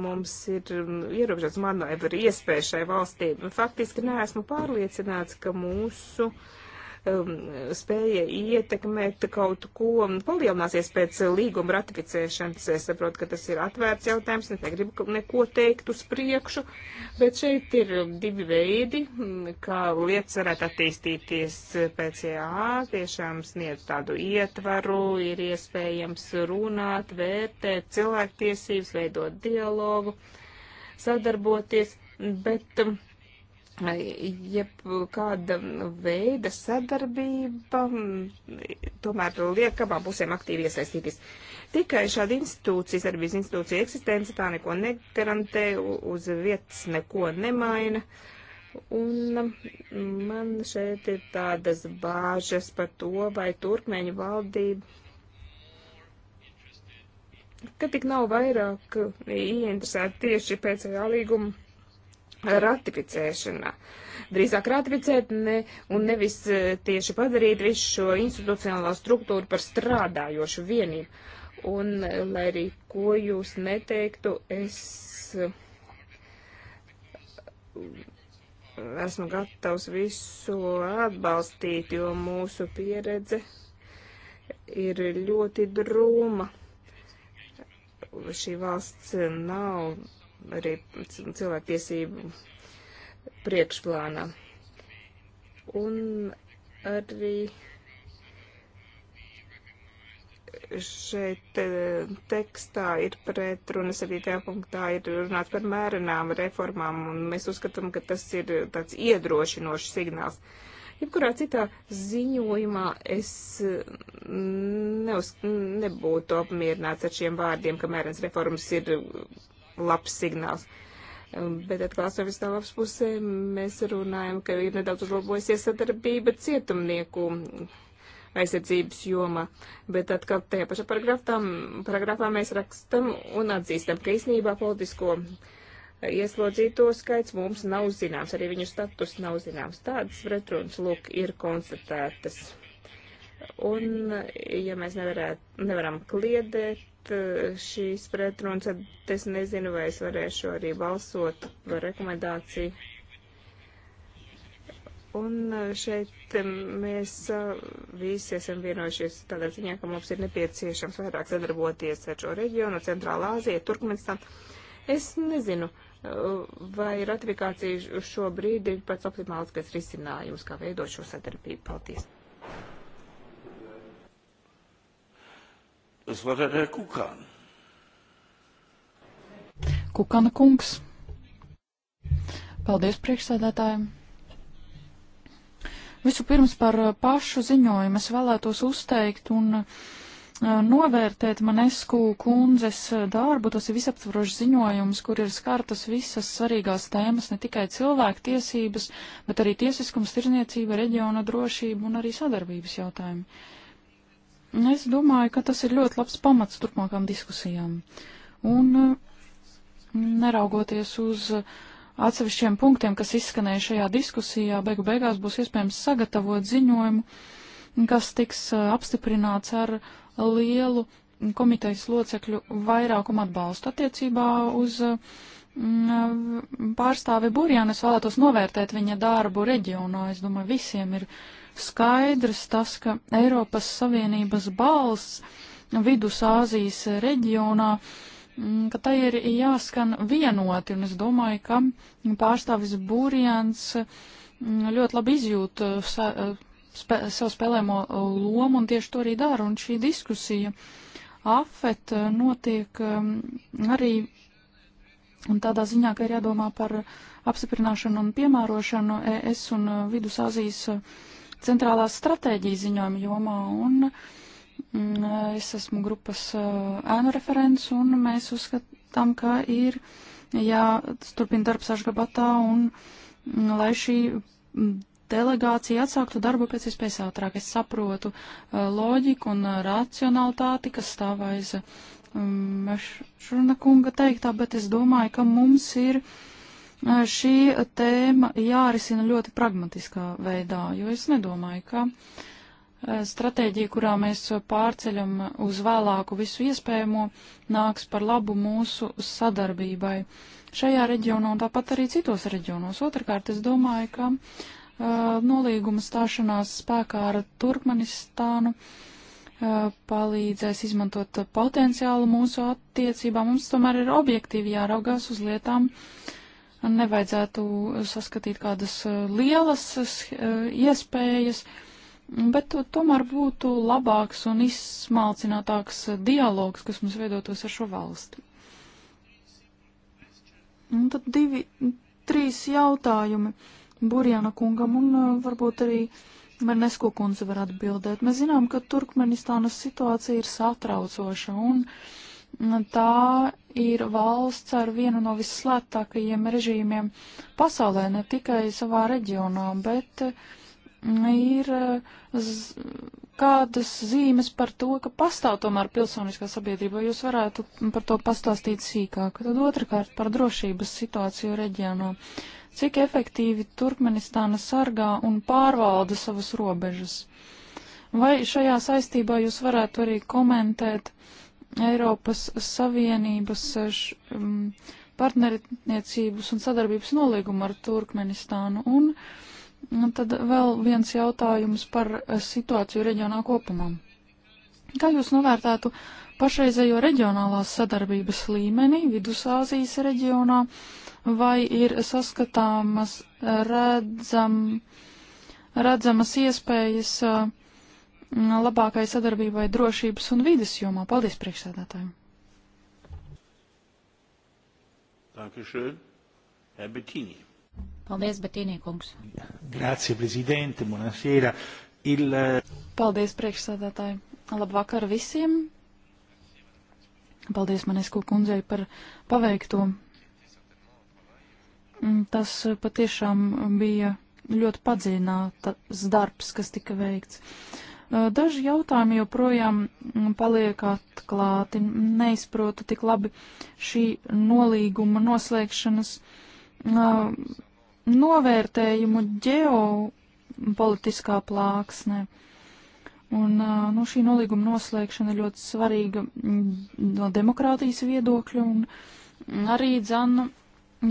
A: mums ir mm, ierobežots manevru iespēja šai valstī. Faktiski neesmu pārliecināts, ka mūsu uh, um, spēja ietekmēt kaut ko palielināsies pēc līguma ratificēšanas. Es saprotu, ka tas ir atvērts jautājums, negribu neko teikt uz priekšu, bet šeit ir divi veidi, mm, kā lietas varētu attīstīties PCA, tiešām sniedz tādu ietvaru, ir iespējams runāt, vērtēt cilvēktiesības, veidot dialogu, sadarboties, bet um, jebkāda veida sadarbība tomēr liek abām pusēm aktīvi iesaistīties. Tikai šāda institūcija, sadarbības institūcija eksistence, tā neko negarantē, uz vietas neko nemaina. Un man šeit ir tādas bāžas par to, vai turkmeņu valdība, ka tik nav vairāk ieinteresēta tieši pēc līguma ratificēšanā. Drīzāk ratificēt ne, un nevis e, tieši padarīt visu šo institucionālo struktūru par strādājošu vienību. Un, e, lai arī ko jūs neteiktu, es e, esmu gatavs visu atbalstīt, jo mūsu pieredze ir ļoti drūma. Šī valsts nav arī cilvēktiesību priekšplānā. Un arī šeit eh, tekstā ir pretruna 7. punktā ir runāts par mērenām reformām, un mēs uzskatām, ka tas ir tāds iedrošinošs signāls. Jebkurā citā ziņojumā es eh, neuz, nebūtu apmierināts ar šiem vārdiem, ka mērens reformas ir labs signāls. Um, bet atkal savisā labs pusē mēs runājam, ka ir nedaudz uzlabojusies sadarbība cietumnieku aizsardzības jomā. Bet atkal tajā pašā paragrafā, paragrafā mēs rakstam un atzīstam, ka īstenībā politisko ieslodzīto skaits mums nav zināms, arī viņu status nav zināms. Tādas pretrunas, lūk, ir konstatētas. Un, ja mēs nevarētu, nevaram kliedēt, Eh, šīs pretrunas, tad es nezinu, vai es varēšu arī balsot par rekomendāciju. Un eh, šeit eh, mēs visi esam vienojušies tādā ziņā, ka mums ir nepieciešams vairāk sadarboties ar šo reģionu, Centrālā Āzija, Turkmenistānu. Es nezinu, vai ratifikācija šobrīd ir pats optimālākais risinājums, kā veidot šo sadarbību. Paldies!
D: Das Wort hat Herr Kukan.
C: Kukana kungs. Paldies priekšsēdētājiem. Vispirms par pašu ziņojumu es vēlētos uzteikt un eh, novērtēt Manesku kundzes darbu. Tas ir visaptvarošs ziņojums, kur ir skartas visas svarīgās tēmas, ne tikai cilvēku tiesības, bet arī tiesiskums, tirzniecība, reģiona drošība un arī sadarbības jautājumi. Uh, Es domāju, ka tas ir ļoti labs pamats turpmākām diskusijām. Un eh, neraugoties uz eh, atsevišķiem punktiem, kas izskanēja šajā diskusijā, beigu beigās būs iespējams sagatavot ziņojumu, kas tiks eh, apstiprināts ar lielu komitejas locekļu vairākumu atbalstu attiecībā uz mm, pārstāvi Burjānu. Es vēlētos novērtēt viņa darbu reģionā. Es domāju, visiem ir skaidrs tas, ka Eiropas Savienības balss Vidusāzijas reģionā, mm, ka tai ir jāskan vienoti, un es domāju, ka pārstāvis Būrjans mm, ļoti labi izjūt uh, uh, spē, sev spēlēmo lomu, un tieši to arī dara, un šī diskusija afet uh, notiek um, arī Un tādā ziņā, ka ir jādomā par apstiprināšanu un piemērošanu ES un Vidusāzijas centrālās stratēģijas ziņojuma jomā, un mm, es esmu grupas eh, ēnu referents, un mēs uzskatām, ka ir jāturpina darbs ašgabatā, un mm, lai šī mm, delegācija atsāktu darbu pēc iespējas ātrāk. Es saprotu eh, loģiku un racionalitāti, kas stāv aiz mm, Mešruna kunga teiktā, bet es domāju, ka mums ir. Uh, šī tēma jārisina ļoti pragmatiskā veidā, jo es nedomāju, ka e, stratēģija, kurā mēs pārceļam uz vēlāku visu iespējamo, nāks par labu mūsu sadarbībai šajā reģionā un tāpat arī citos reģionos. Otrakārt, es domāju, ka uh, nolīguma stāšanās spēkā ar Turkmenistānu uh, palīdzēs izmantot potenciālu mūsu attiecībā. Mums tomēr ir objektīvi jāraugās uz lietām uh, nevajadzētu saskatīt kādas uh, lielas uh, uh, iespējas, bet tomēr būtu labāks un izsmalcinātāks dialogs, kas mums veidotos ar šo valsti. Un tad divi, trīs jautājumi Burjana kungam un varbūt arī Mernesko kundze var atbildēt. Mēs zinām, ka Turkmenistānas situācija ir satraucoša un uh, tā ir valsts ar vienu no visslētākajiem režīmiem pasaulē, ne tikai savā reģionā, bet mm, ir eh, kādas zīmes par to, ka pastāv tomēr pilsoniskā sabiedrība, jūs varētu par to pastāstīt sīkāk. Tad otrkārt par drošības situāciju reģionā. Cik efektīvi Turkmenistāna sargā un pārvalda savas robežas? Vai šajā saistībā jūs varētu arī komentēt uh, Eiropas Savienības um, partnerniecības un sadarbības nolīgumu ar Turkmenistānu. Un, un tad vēl viens jautājums par eh, situāciju reģionā kopumā. Kā jūs novērtētu pašreizējo reģionālās sadarbības līmeni Vidusāzijas reģionā, vai ir saskatāmas redzam, redzamas iespējas uh, labākai sadarbībai drošības un vides jomā. Paldies priekšsēdētājiem!
A: Dankeschön, Herr Bettini.
C: Paldies, Betīnī kungs. Grācija, prezidente, buonasera. Il... Paldies, priekšsādātāji. Labvakar visiem. Paldies Manesko kundzei par paveikto. Mm, tas patiešām bija ļoti padziļināts darbs, kas tika veikts. Daži jautājumi joprojām mm, paliek atklāti. Neizprotu tik labi šī nolīguma noslēgšanas novērtējumu ģeopolitiskā plāksnē. Un nu, šī nolīguma noslēgšana ir ļoti svarīga mm, no demokrātijas viedokļa un arī dzana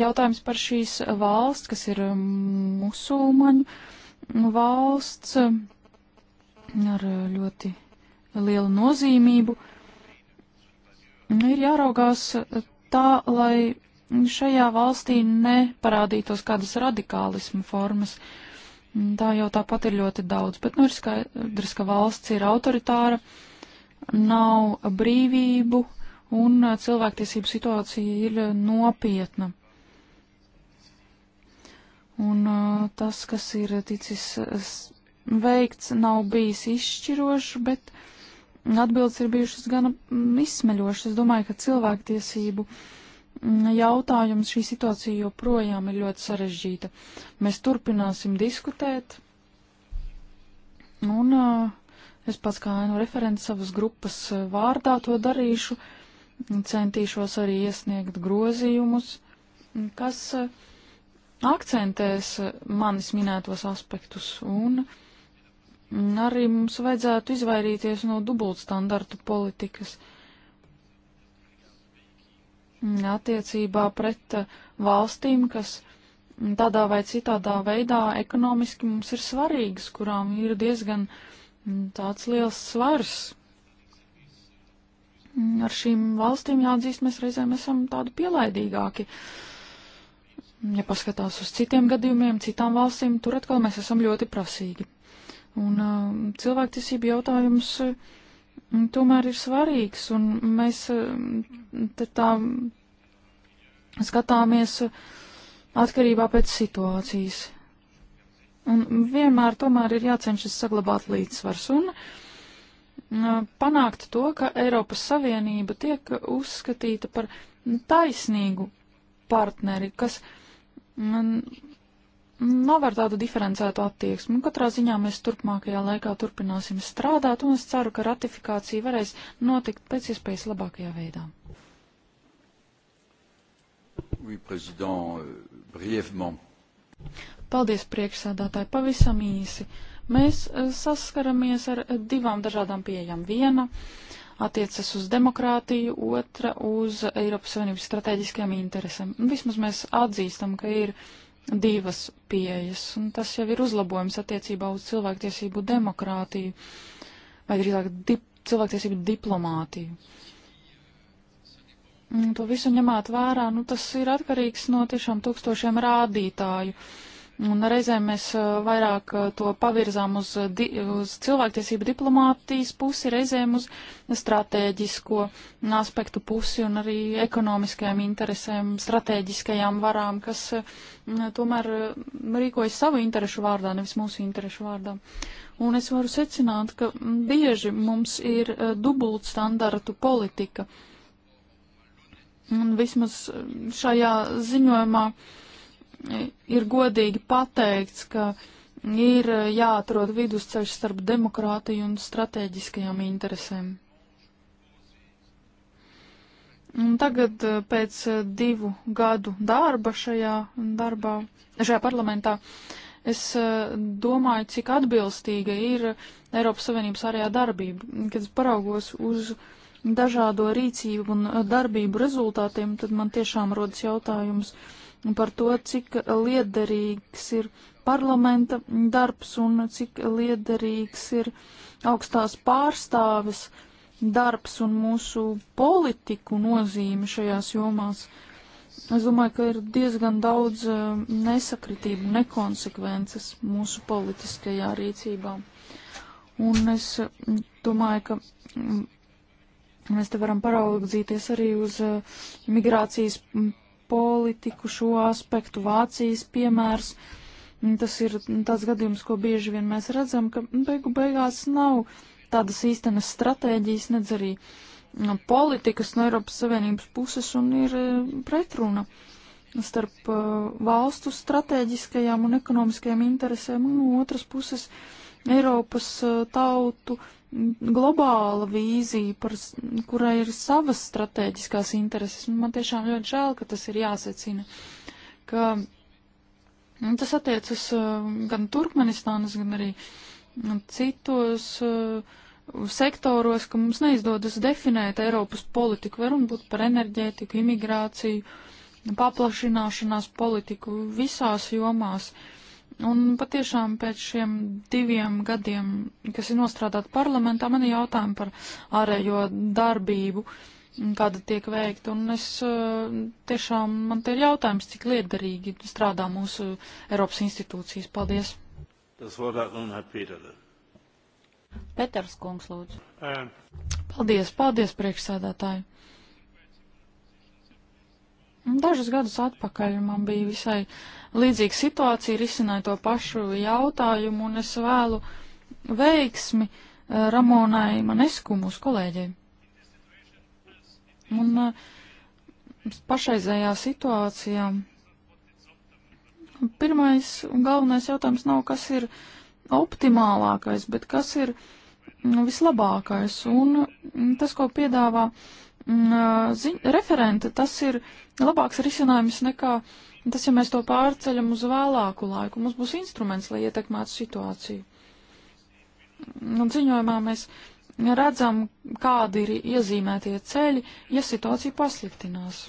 C: jautājums par šīs valsts, kas ir mm, musulmaņu valsts ar eh, ļoti lielu nozīmību. Nu, ir jāraugās eh, tā, lai šajā valstī neparādītos kādas radikālismu formas. Mm, tā jau tāpat ir ļoti daudz, bet nu ir skaidrs, ka valsts ir autoritāra, nav brīvību un eh, cilvēktiesību situācija ir nopietna. Un tas, kas ir ticis veikts nav bijis izšķirošs, bet atbildes ir bijušas gana izsmeļošas. Es domāju, ka cilvēktiesību jautājums šī situācija joprojām ir ļoti sarežģīta. Mēs turpināsim diskutēt. Un uh, es pats kā ainu referents savas grupas uh, vārdā to darīšu. Centīšos arī iesniegt grozījumus, kas uh, akcentēs uh, manis minētos aspektus un uh, Arī mums vajadzētu izvairīties no dubultstandartu politikas attiecībā pret uh, valstīm, kas tādā vai citādā veidā ekonomiski mums ir svarīgas, kurām ir diezgan mm, tāds liels svars. Mm, ar šīm valstīm jāatzīst, mēs reizēm esam tādi pielaidīgāki. Mm, ja paskatās uz citiem gadījumiem, citām valstīm, tur atkal mēs esam ļoti prasīgi. Un uh, um, cilvēktiesība jautājums um, tomēr ir svarīgs, un mēs um, tā skatāmies atkarībā pēc situācijas. Un vienmēr tomēr ir jācenšas saglabāt līdzsvars un uh, panākt to, ka Eiropas Savienība tiek uzskatīta par taisnīgu partneri, kas man nav ar tādu diferencētu attieksmi. Katrā ziņā mēs turpmākajā laikā turpināsim strādāt, un es ceru, ka ratifikācija varēs notikt pēc iespējas labākajā veidā.
B: Oui, euh,
C: Paldies, priekšsēdātāji, pavisam īsi. Mēs eh, saskaramies ar divām dažādām pieejām. Viena attiecas uz demokrātiju, otra uz Eiropas Savienības strateģiskajām interesēm. Vismaz mēs atzīstam, ka ir uh, divas pieejas, un tas jau ir uzlabojums attiecībā uz cilvēktiesību demokrātiju, vai drīzāk dip, cilvēktiesību diplomātiju. Un to visu ņemot vērā, nu tas ir atkarīgs no tiešām tūkstošiem rādītāju. Uh, Un reizēm mēs vairāk to pavirzām uz, di uz cilvēktiesību diplomātijas pusi, reizēm uz stratēģisko aspektu pusi un arī ekonomiskajām interesēm, stratēģiskajām varām, kas tomēr rīkojas savu interesu vārdā, nevis mūsu interesu vārdā. Un es varu secināt, ka bieži mums ir dubult standartu politika. Un vismaz šajā ziņojumā. Uh, ir godīgi pateikts, ka ir eh, jāatrod vidusceļš starp demokrātiju un strateģiskajām interesēm. Un tagad eh, pēc eh, divu gadu darba šajā darbā, šajā parlamentā, es domāju, cik atbilstīga ir Eiropas Savienības ārējā darbība. Kad es paraugos uz dažādo rīcību un darbību rezultātiem, tad man tiešām rodas jautājums, uh, par to, cik liederīgs ir parlamenta darbs un cik liederīgs ir augstās pārstāves darbs un mūsu politiku nozīme šajās jomās. Es domāju, ka ir diezgan daudz eh, nesakritību, nekonsekvences mūsu politiskajā rīcībā. Un es eh, domāju, ka mm, mēs te varam paraugzīties arī uz eh, migrācijas mm, politiku šo aspektu, Vācijas piemērs. Tas ir tāds gadījums, ko bieži vien mēs redzam, ka nu, beigu beigās nav tādas īstenas stratēģijas, nedz arī nu, politikas no Eiropas Savienības puses un ir e, pretruna starp e, valstu stratēģiskajām un ekonomiskajām interesēm un no otras puses Eiropas e, tautu uh, globāla vīzija, par, kurai ir savas strateģiskās intereses. Man tiešām ļoti žēl, ka tas ir jāsacina, ka nu, tas attiecas uh, gan Turkmenistānas, gan arī nu, citos uh, sektoros, ka mums neizdodas definēt Eiropas politiku, varam būt par enerģētiku, imigrāciju, paplašināšanās politiku visās jomās. Uh, Un patiešām pēc šiem diviem gadiem, kas ir nostrādāti parlamentā, man ir jautājumi par ārējo darbību, kāda tiek veikta. Un es eh, tiešām, man te ir jautājums, cik liederīgi strādā mūsu Eiropas institūcijas. Paldies.
A: Tas vārdā un Pēterle.
C: Peters kungs, lūdzu. Paldies, paldies, priekšsēdētāji. Dažus gadus atpakaļ man bija visai līdzīga situācija, risināja to pašu jautājumu, un es vēlu veiksmi eh, Ramonai Manesku, mūsu kolēģei. Un eh, pašreizējā situācijā pirmais un galvenais jautājums nav, kas ir optimālākais, bet kas ir mm, vislabākais. Un mm, tas, ko piedāvā uh, Mm, ziņ, referente, tas ir labāks risinājums nekā tas, ja mēs to pārceļam uz vēlāku laiku. Mums būs instruments, lai ietekmētu situāciju. Mm, un ziņojumā mēs redzam, kādi ir iezīmētie ceļi, ja situācija pasliktinās.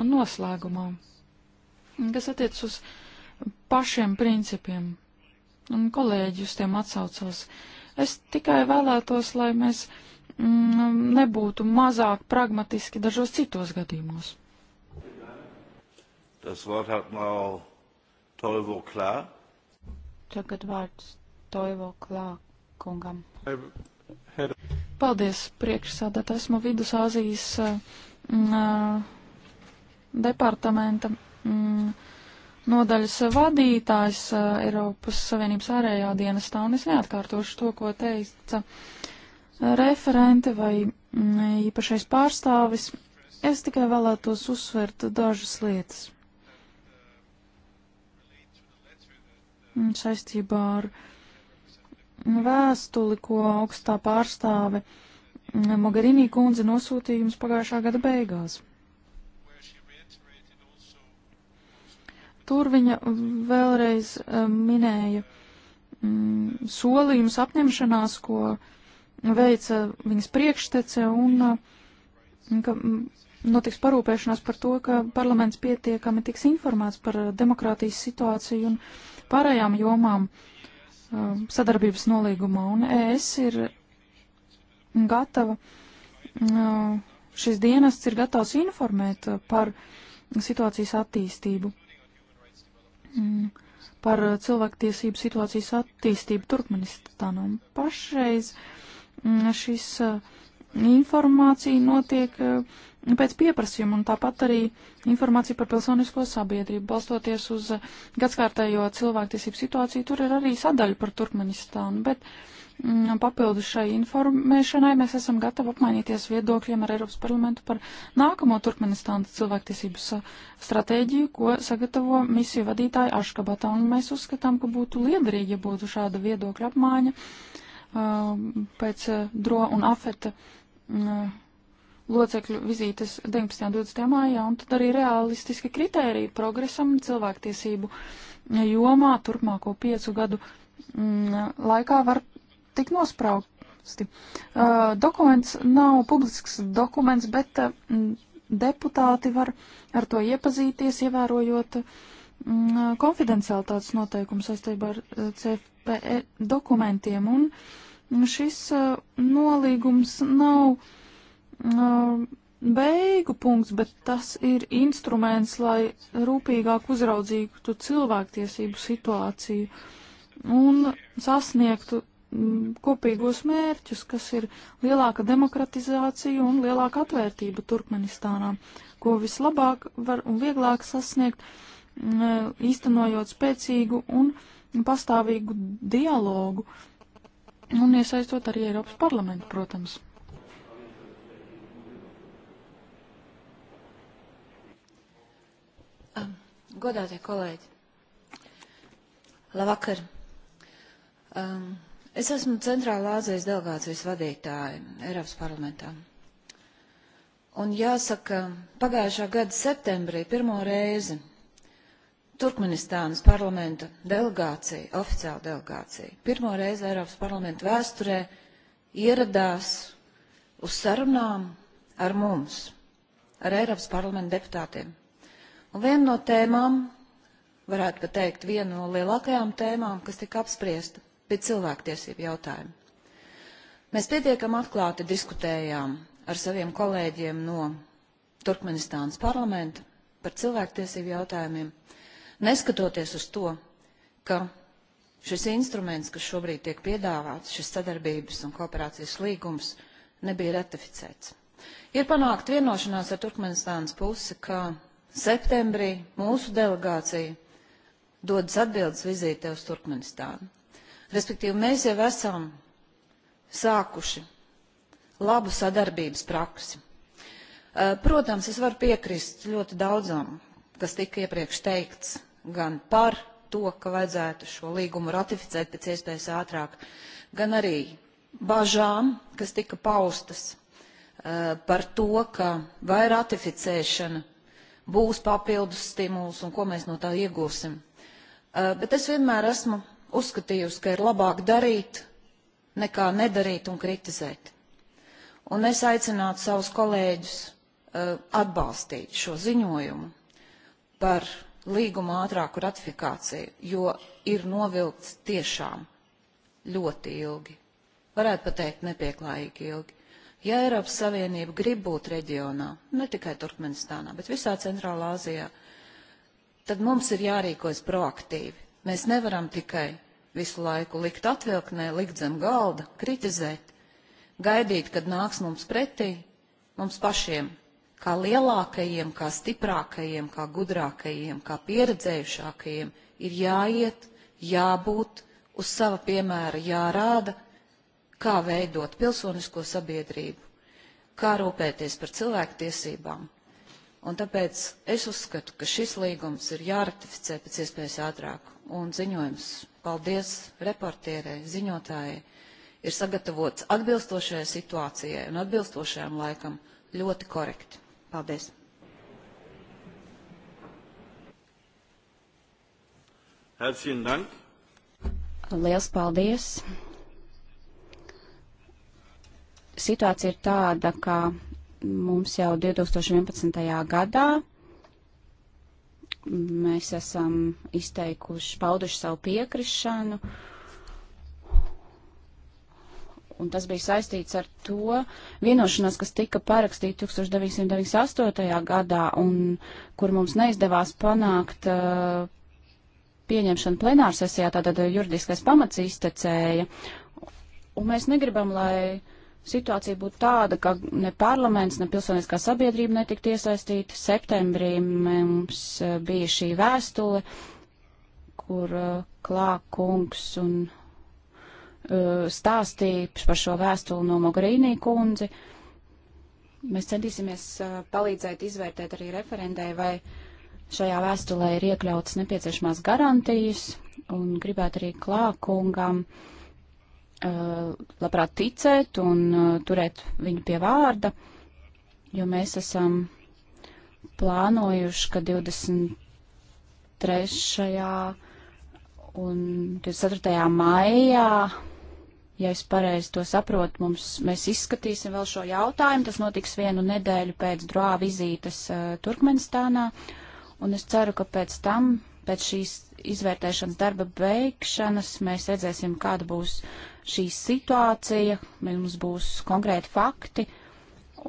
C: Un noslēgumā, kas attiec uz pašiem principiem, un kolēģi uz tiem atsaucos, es tikai vēlētos, lai mēs Mm, nebūtu mazāk pragmatiski dažos citos gadījumos.
A: Tas vārds hat nav Toivo Klā.
C: Tagad vārds Toivo Klā kungam. Paldies, priekšsādāt. Esmu Vidusāzijas eh, mm, eh, departamenta mm, nodaļas vadītājs eh, Eiropas Savienības ārējā dienestā, un es neatkārtošu to, ko teica. Mm, referente vai mm, īpašais pārstāvis. Es tikai vēlētos uzsvērt dažas lietas mm, saistībā ar vēstuli, ko augstā pārstāve mm, Mogherini kundze nosūtīja jums pagājušā gada beigās. Tur viņa vēlreiz minēja solījums apņemšanās, ko uh, veica viņas priekštece un uh, ka mm, notiks parūpēšanās par to, ka parlaments pietiekami tiks informēts par uh, demokrātijas situāciju un pārējām jomām uh, sadarbības nolīgumā. Un ES ir gatava, mm, šis dienests ir gatavs informēt par situācijas attīstību, mm, par cilvēktiesību situācijas attīstību Turkmenistānam pašreiz. Uh, Mm, šis uh, informācija notiek uh, pēc pieprasījuma un tāpat arī informācija par pilsonisko sabiedrību. Balstoties uz uh, gadskārtējo cilvēktiesību situāciju, tur ir arī sadaļa par Turkmenistānu, bet mm, papildus šai informēšanai mēs esam gatavi apmainīties viedokļiem ar Eiropas parlamentu par nākamo Turkmenistānas cilvēktiesības stratēģiju, ko sagatavo misiju vadītāji Aškabatā, un mēs uzskatām, ka būtu liederīgi, ja būtu šāda viedokļa apmaiņa. Uh, Uh, pēc uh, dro un afeta uh, locekļu vizītes 19. un 20. mājā, un tad arī realistiski kritēriji progresam cilvēktiesību jomā turpmāko piecu gadu mm, laikā var tikt nosprausti. Dokuments nav publisks dokuments, bet deputāti var ar to iepazīties, ievērojot uh, Mm, konfidenciālitātes noteikumu saistībā ar eh, CFPE dokumentiem, un šis eh, nolīgums nav eh, beigu punkts, bet tas ir instruments, lai rūpīgāk uzraudzītu cilvēktiesību situāciju un sasniegtu mm, kopīgos mērķus, kas ir lielāka demokratizācija un lielāka atvērtība Turkmenistānā, ko vislabāk var un vieglāk sasniegt īstenojot spēcīgu un pastāvīgu dialogu un iesaistot arī Eiropas parlamentu, protams.
D: Um, godātie kolēģi, labvakar! Um, es esmu Centrāla Āzijas delegācijas vadītāja Eiropas parlamentā. Un jāsaka, pagājušā gada septembrī pirmo reizi Turkmenistānas parlamenta delegācija, oficiāla delegācija, pirmo reizi Eiropas parlamenta vēsturē ieradās uz sarunām ar mums, ar Eiropas parlamenta deputātiem. Un viena no tēmām, varētu pat teikt, viena no lielākajām tēmām, kas tika apspriesta, bija cilvēktiesību jautājumi. Mēs pietiekam atklāti diskutējām ar saviem kolēģiem no Turkmenistānas parlamenta par cilvēktiesību jautājumiem. Uh, Neskatoties uz to, ka šis instruments, kas šobrīd tiek piedāvāts, šis sadarbības un kooperācijas līgums, nebija ratificēts. Ir panākt vienošanās ar Turkmenistānas pusi, ka septembrī mūsu delegācija dodas atbildes vizīte uz Turkmenistānu. Respektīvi, mēs jau esam sākuši labu sadarbības praksi. Eh, protams, es varu piekrist ļoti daudzam, kas tika iepriekš teikts gan par to, ka vajadzētu šo līgumu ratificēt pēc iespējas ātrāk, gan arī bažām, kas tika paustas uh, par to, ka vai ratificēšana būs papildus stimuls un ko mēs no tā iegūsim. Uh, bet es vienmēr esmu uzskatījusi, ka ir labāk darīt nekā nedarīt un kritizēt. Un es aicinātu savus kolēģus uh, atbalstīt šo ziņojumu par līguma ātrāku ratifikāciju, jo ir novilkts tiešām ļoti ilgi. Varētu pateikt, nepieklājīgi ilgi. Ja Eiropas Savienība grib būt reģionā, ne tikai Turkmenistānā, bet visā Centrālā Azijā, tad mums ir jārīkojas proaktīvi. Mēs nevaram tikai visu laiku likt atvilknē, likt zem galda, kritizēt, gaidīt, kad nāks mums pretī, mums pašiem kā lielākajiem, kā stiprākajiem, kā gudrākajiem, kā pieredzējušākajiem ir jāiet, jābūt, uz sava piemēra jārāda, kā veidot pilsonisko sabiedrību, kā rūpēties par cilvēku tiesībām. Un tāpēc es uzskatu, ka šis līgums ir jāratificē pēc iespējas ātrāk. Un ziņojums, paldies reportierei, ziņotājai, ir sagatavots atbilstošajai situācijai un atbilstošajam laikam ļoti korekti. Paldies!
A: Herzlichen Dank.
B: Liels paldies. Situācija ir tāda, ka mums jau 2011. gadā mēs esam izteikuši, pauduši savu piekrišanu uh, un tas bija saistīts ar to vienošanos, kas tika parakstīta 1998. gadā, un kur mums neizdevās panākt uh, pieņemšanu plenārsesijā, tātad uh, juridiskais pamats iztecēja. Un mēs negribam, lai situācija būtu tāda, ka ne parlaments, ne pilsoniskā sabiedrība netiktu iesaistīta. Septembrī mums uh, bija šī vēstule, kur uh, Klā kungs un Uh, stāstīja par šo vēstuli no Mogherīnī kundzi. Mēs centīsimies uh, palīdzēt izvērtēt arī referendē, vai šajā vēstulē ir iekļautas nepieciešamās garantijas, un gribētu arī klākungam uh, labprāt ticēt un turēt viņu pie vārda, jo mēs esam plānojuši, ka 23. un 24. maijā ja es pareizi to saprotu, mums, mēs izskatīsim vēl šo jautājumu. Tas notiks vienu nedēļu pēc drā vizītes uh, Turkmenistānā, un es ceru, ka pēc tam, pēc šīs izvērtēšanas darba beigšanas, mēs redzēsim, kāda būs šī situācija, mums būs konkrēti fakti,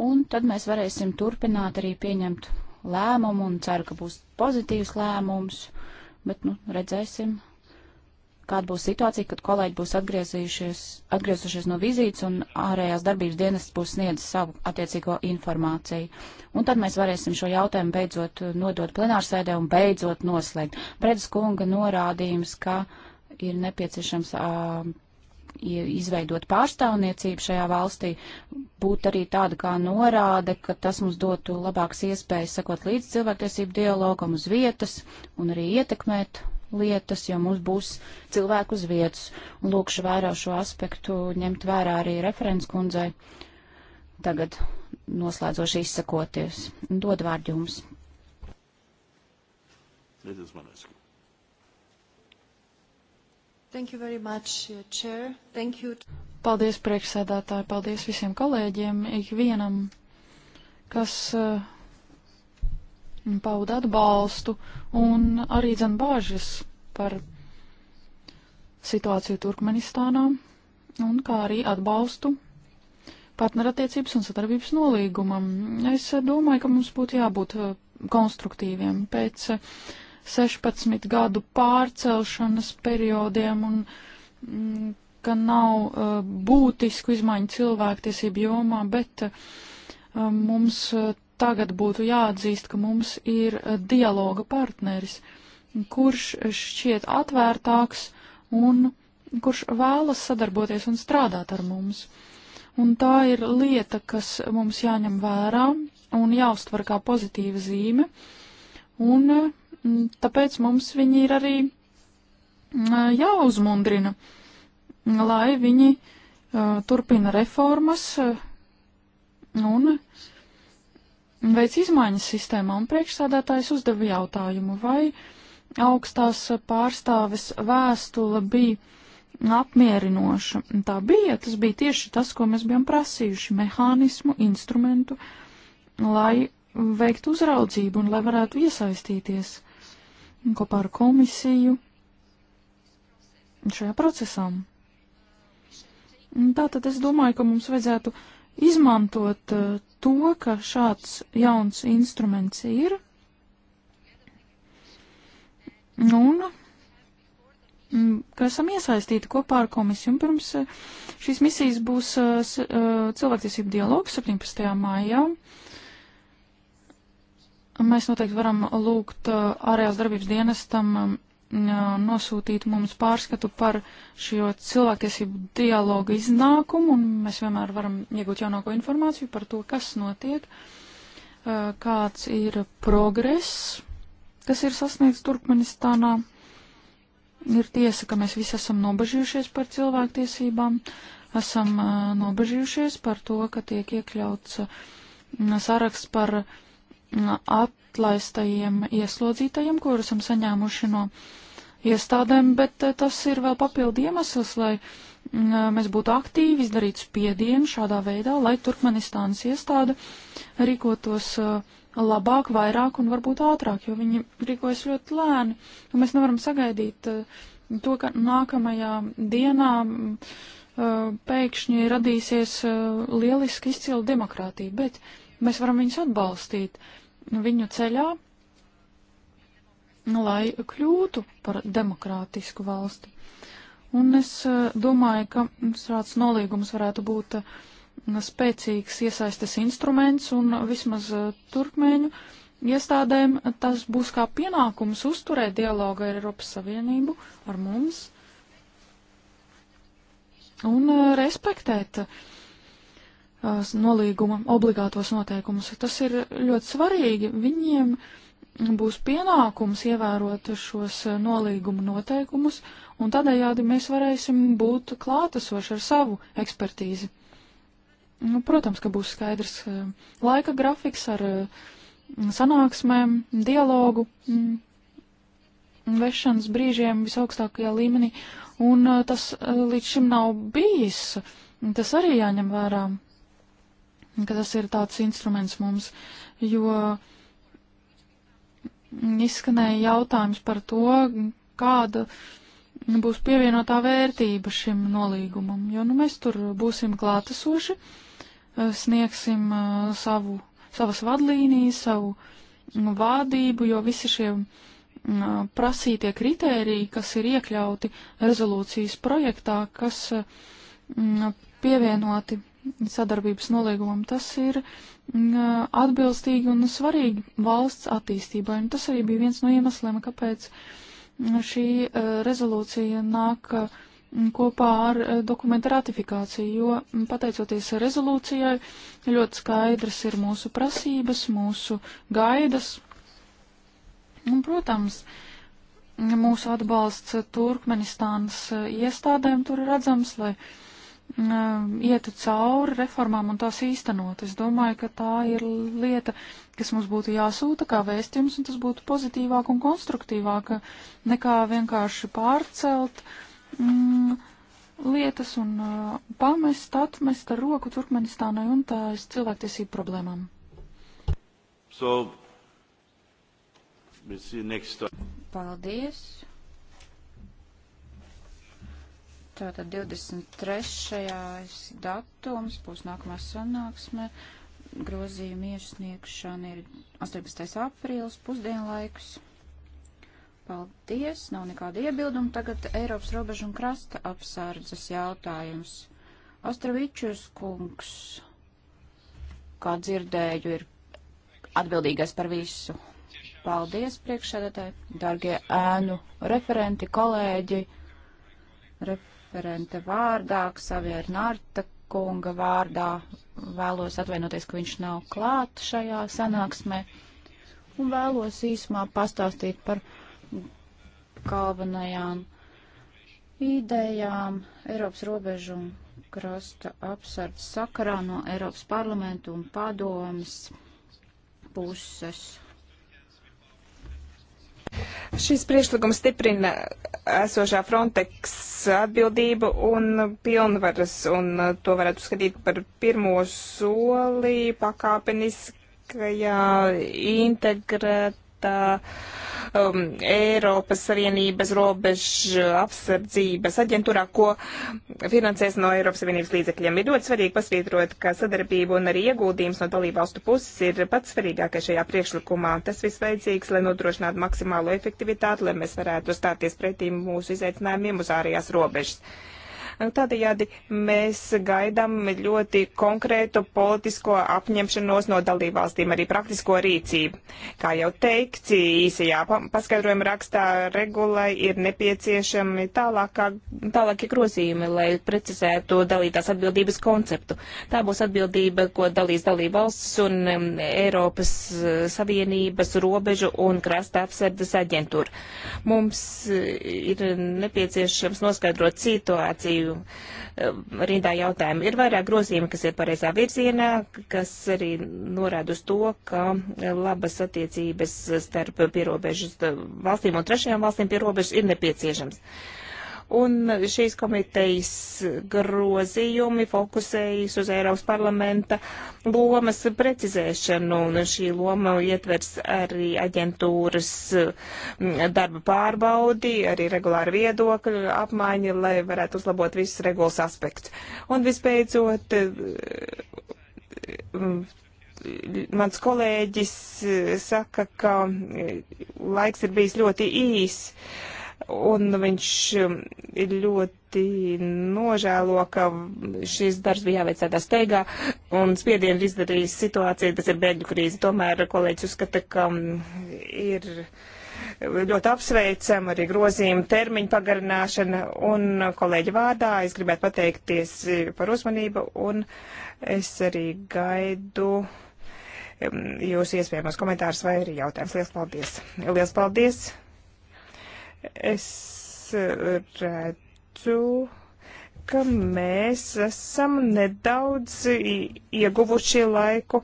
B: un tad mēs varēsim turpināt arī pieņemt lēmumu, un ceru, ka būs pozitīvs lēmums, bet, nu, redzēsim, kāda būs situācija, kad kolēģi būs atgriezušies no vizītes un ārējās darbības dienas būs sniedzis savu attiecīgo informāciju. Un tad mēs varēsim šo jautājumu beidzot nodot plenārsēdē un beidzot noslēgt. Bredas kunga norādījums, ka ir nepieciešams uh, izveidot pārstāvniecību šajā valstī, būtu arī tāda kā norāde, ka tas mums dotu labākas iespējas sakot līdz cilvēktiesību dialogam uz vietas un arī ietekmēt lietas, jo mums būs cilvēku uz vietas. Un lūkšu vērā šo aspektu ņemt vērā arī referents kundzei. Tagad noslēdzoši izsakoties. Dod vārdu jums.
D: Thank you very much, uh, Chair. Thank you.
C: Paldies priekšsēdētāji, paldies visiem kolēģiem, ikvienam, kas uh, pauda atbalstu un arī dzen bāžas par situāciju Turkmenistānā un kā arī atbalstu partnerattiecības un sadarbības nolīgumam. Es domāju, ka mums būtu jābūt uh, konstruktīviem pēc 16 uh, gadu pārcelšanas periodiem un mm, ka nav uh, būtisku izmaiņu cilvēktiesību jomā, bet uh, mums uh, tagad būtu jāatzīst, ka mums ir eh, dialoga partneris, kurš šķiet atvērtāks un kurš vēlas sadarboties un strādāt ar mums. Un tā ir lieta, kas mums jāņem vērā un jāuztver kā pozitīva zīme, un mm, tāpēc mums viņi ir arī mm, jāuzmundrina, lai viņi eh, turpina reformas eh, un uh, veic izmaiņas sistēmā, un priekšsādātājs uzdeva jautājumu, vai augstās pārstāves vēstule bija apmierinoša. Tā bija, tas bija tieši tas, ko mēs bijām prasījuši - mehānismu, instrumentu, lai veiktu uzraudzību un lai varētu iesaistīties kopā ar komisiju šajā procesā. Tātad es domāju, ka mums vajadzētu izmantot eh, to, ka šāds jauns instruments ir. Un mm, ka esam iesaistīti kopā ar komisiju. Un pirms eh, šīs misijas būs eh, cilvēktiesību dialogs 17. maijā. Mēs noteikti varam lūgt ārējās darbības dienestam nosūtītu mums pārskatu par šo cilvēktiesību dialogu iznākumu, un mēs vienmēr varam iegūt jaunāko informāciju par to, kas notiek, kāds ir progress, kas ir sasniegts Turkmenistānā. Ir tiesa, ka mēs visi esam nobežījušies par cilvēktiesībām, esam nobežījušies par to, ka tiek iekļauts saraksts par uh, atlaistajiem ieslodzītajiem, kurus esam saņēmuši no iestādēm, bet eh, tas ir vēl papildu iemesls, lai mm, eh, mēs būtu aktīvi, izdarītu spiedienu šādā veidā, lai Turkmenistānas iestāde rīkotos eh, labāk, vairāk un varbūt ātrāk, jo viņi rīkojas ļoti lēni. Mēs nevaram sagaidīt to, ka nākamajā dienā pēkšņi radīsies lieliski izcila demokrātija, bet mēs varam viņus atbalstīt. Uh, viņu ceļā, lai kļūtu par demokrātisku valsti. Un es eh, domāju, ka šāds nolīgums varētu būt eh, spēcīgs iesaistes instruments un vismaz eh, turkmēņu iestādēm tas būs kā pienākums uzturēt dialogu ar Eiropas Savienību, ar mums un respektēt uh, nolīguma obligātos noteikumus. Tas ir ļoti svarīgi. Viņiem būs pienākums ievērot šos nolīguma noteikumus, un tādējādi mēs varēsim būt klātesoši ar savu ekspertīzi. Nu, protams, ka būs skaidrs laika grafiks ar sanāksmēm, dialogu, mm, vešanas brīžiem visaugstākajā līmenī, un tas līdz šim nav bijis. Tas arī jāņem vērā ka tas ir tāds instruments mums, jo izskanēja jautājums par to, kāda būs pievienotā vērtība šim nolīgumam, jo nu, mēs tur būsim klātesoši, sniegsim savu, savas vadlīnijas, savu vādību, jo visi šie prasītie kritēriji, kas ir iekļauti rezolūcijas projektā, kas pievienoti sadarbības nolīgumam, tas ir mm, atbilstīgi un svarīgi valsts attīstībai. Un tas arī bija viens no iemesliem, kāpēc mm, šī eh, rezolūcija nāk mm, kopā ar eh, dokumentu ratifikāciju, jo pateicoties rezolūcijai ļoti skaidrs ir mūsu prasības, mūsu gaidas. Un, protams, mūsu atbalsts Turkmenistānas eh, iestādēm tur redzams, lai uh, ietu cauri reformām un tās īstenot. Es domāju, ka tā ir lieta, kas mums būtu jāsūta kā vēstījums, un tas būtu pozitīvāk un konstruktīvāk nekā vienkārši pārcelt mm, lietas un uh, pamest, atmest ar roku Turkmenistānai un tās cilvēktiesību problēmām. So, Paldies!
B: Tātad 23. datums būs nākamā sanāksme. Grozījuma iesniegšana ir 18. aprīlis, pusdienlaiks. Paldies, nav nekāda iebilduma. Tagad Eiropas robežu un krasta apsardzes jautājums. Ostravičus kungs, kā dzirdēju, ir atbildīgais par visu. Paldies, priekšsēdētāji, dargie ēnu referenti, kolēģi. Ref referente vārdā, Xavier Nārta kunga vārdā. Vēlos atvainoties, ka viņš nav klāt šajā sanāksmē. Un vēlos īsumā pastāstīt par galvenajām idejām Eiropas robežu un krasta apsardzes sakarā no Eiropas parlamentu un padomas puses.
A: Šis priekšlikums stiprina esošā Frontex atbildību un pilnvaras, un to varētu skatīt par pirmo soli pakāpeniskajā integrēt um, Eiropas Savienības robežu apsardzības aģentūrā, ko finansēs no Eiropas Savienības līdzekļiem. Ir ļoti svarīgi pasvītrot, ka sadarbība un arī ieguldījums no dalībvalstu puses ir pats svarīgākais šajā priekšlikumā. Tas viss vajadzīgs, lai nodrošinātu maksimālo efektivitāti, lai mēs varētu stāties pretī mūsu izaicinājumiem uz ārējās robežas. Nu, tādējādi mēs gaidām ļoti konkrētu politisko apņemšanos no dalībvalstīm, arī praktisko rīcību. Kā jau teikts, īsajā paskaidrojuma rakstā regulai ir nepieciešami tālākā, tālākie grozījumi, lai precizētu dalītās atbildības konceptu. Tā būs atbildība, ko dalīs dalībvalsts un um, Eiropas uh, Savienības robežu un krasta apsardzes aģentūra. Mums uh, ir nepieciešams noskaidrot situāciju Eh, rindā jautājumu. Ir vairāk grozījumi, kas ir pareizā virzienā, kas arī norāda uz to, ka labas attiecības starp pierobežas eh, valstīm un trešajām valstīm pierobežas ir nepieciešams. Uh, Un šīs komitejas grozījumi fokusējas uz Eiropas parlamenta lomas precizēšanu, un šī loma ietvers arī aģentūras mm, darba pārbaudi, arī regulāru viedokļu apmaiņu, lai varētu uzlabot visus regulas aspektus. Un vispēcot, mm, mans kolēģis eh, saka, ka eh, laiks ir bijis ļoti īs. Un viņš um, ļoti nožēlo, ka šis darbs bija jāveic tādā steigā un spiedienu izdarījis situācija, tas ir bēgļu krīze. Tomēr kolēģis uzskata, ka um, ir ļoti apsveicama arī grozījuma termiņa pagarināšana un kolēģi vārdā es gribētu pateikties par uzmanību un es arī gaidu um, jūsu iespējamos komentārus vai arī jautājumus. Lielas paldies! Lielas paldies! Es eh, redzu, ka mēs esam nedaudz ieguvuši laiku.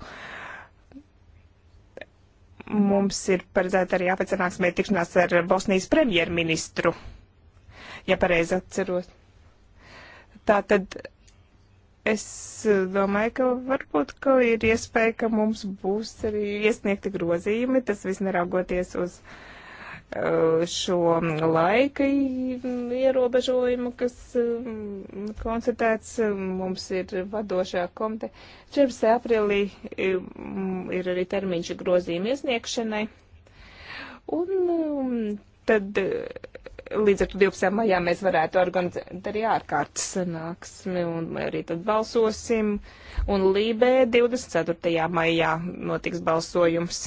A: Mums ir paredzēta arī apveicināksmē tikšanās ar Bosnijas premjerministru, ja pareizi atceros. Tātad es domāju, ka varbūt ka ir iespēja, ka mums būs arī iesniegti grozījumi, tas viss neraugoties uz. Uh, Uh, šo laika ierobežojumu, kas um, konstatēts um, mums ir vadošā komite. 14. aprīlī um, ir arī termiņš grozījuma iesniegšanai. Un tad uh, līdz ar to 12. maijā mēs varētu organizēt arī ārkārtas sanāksmi un arī tad balsosim. Un Lībē 24. maijā notiks balsojums.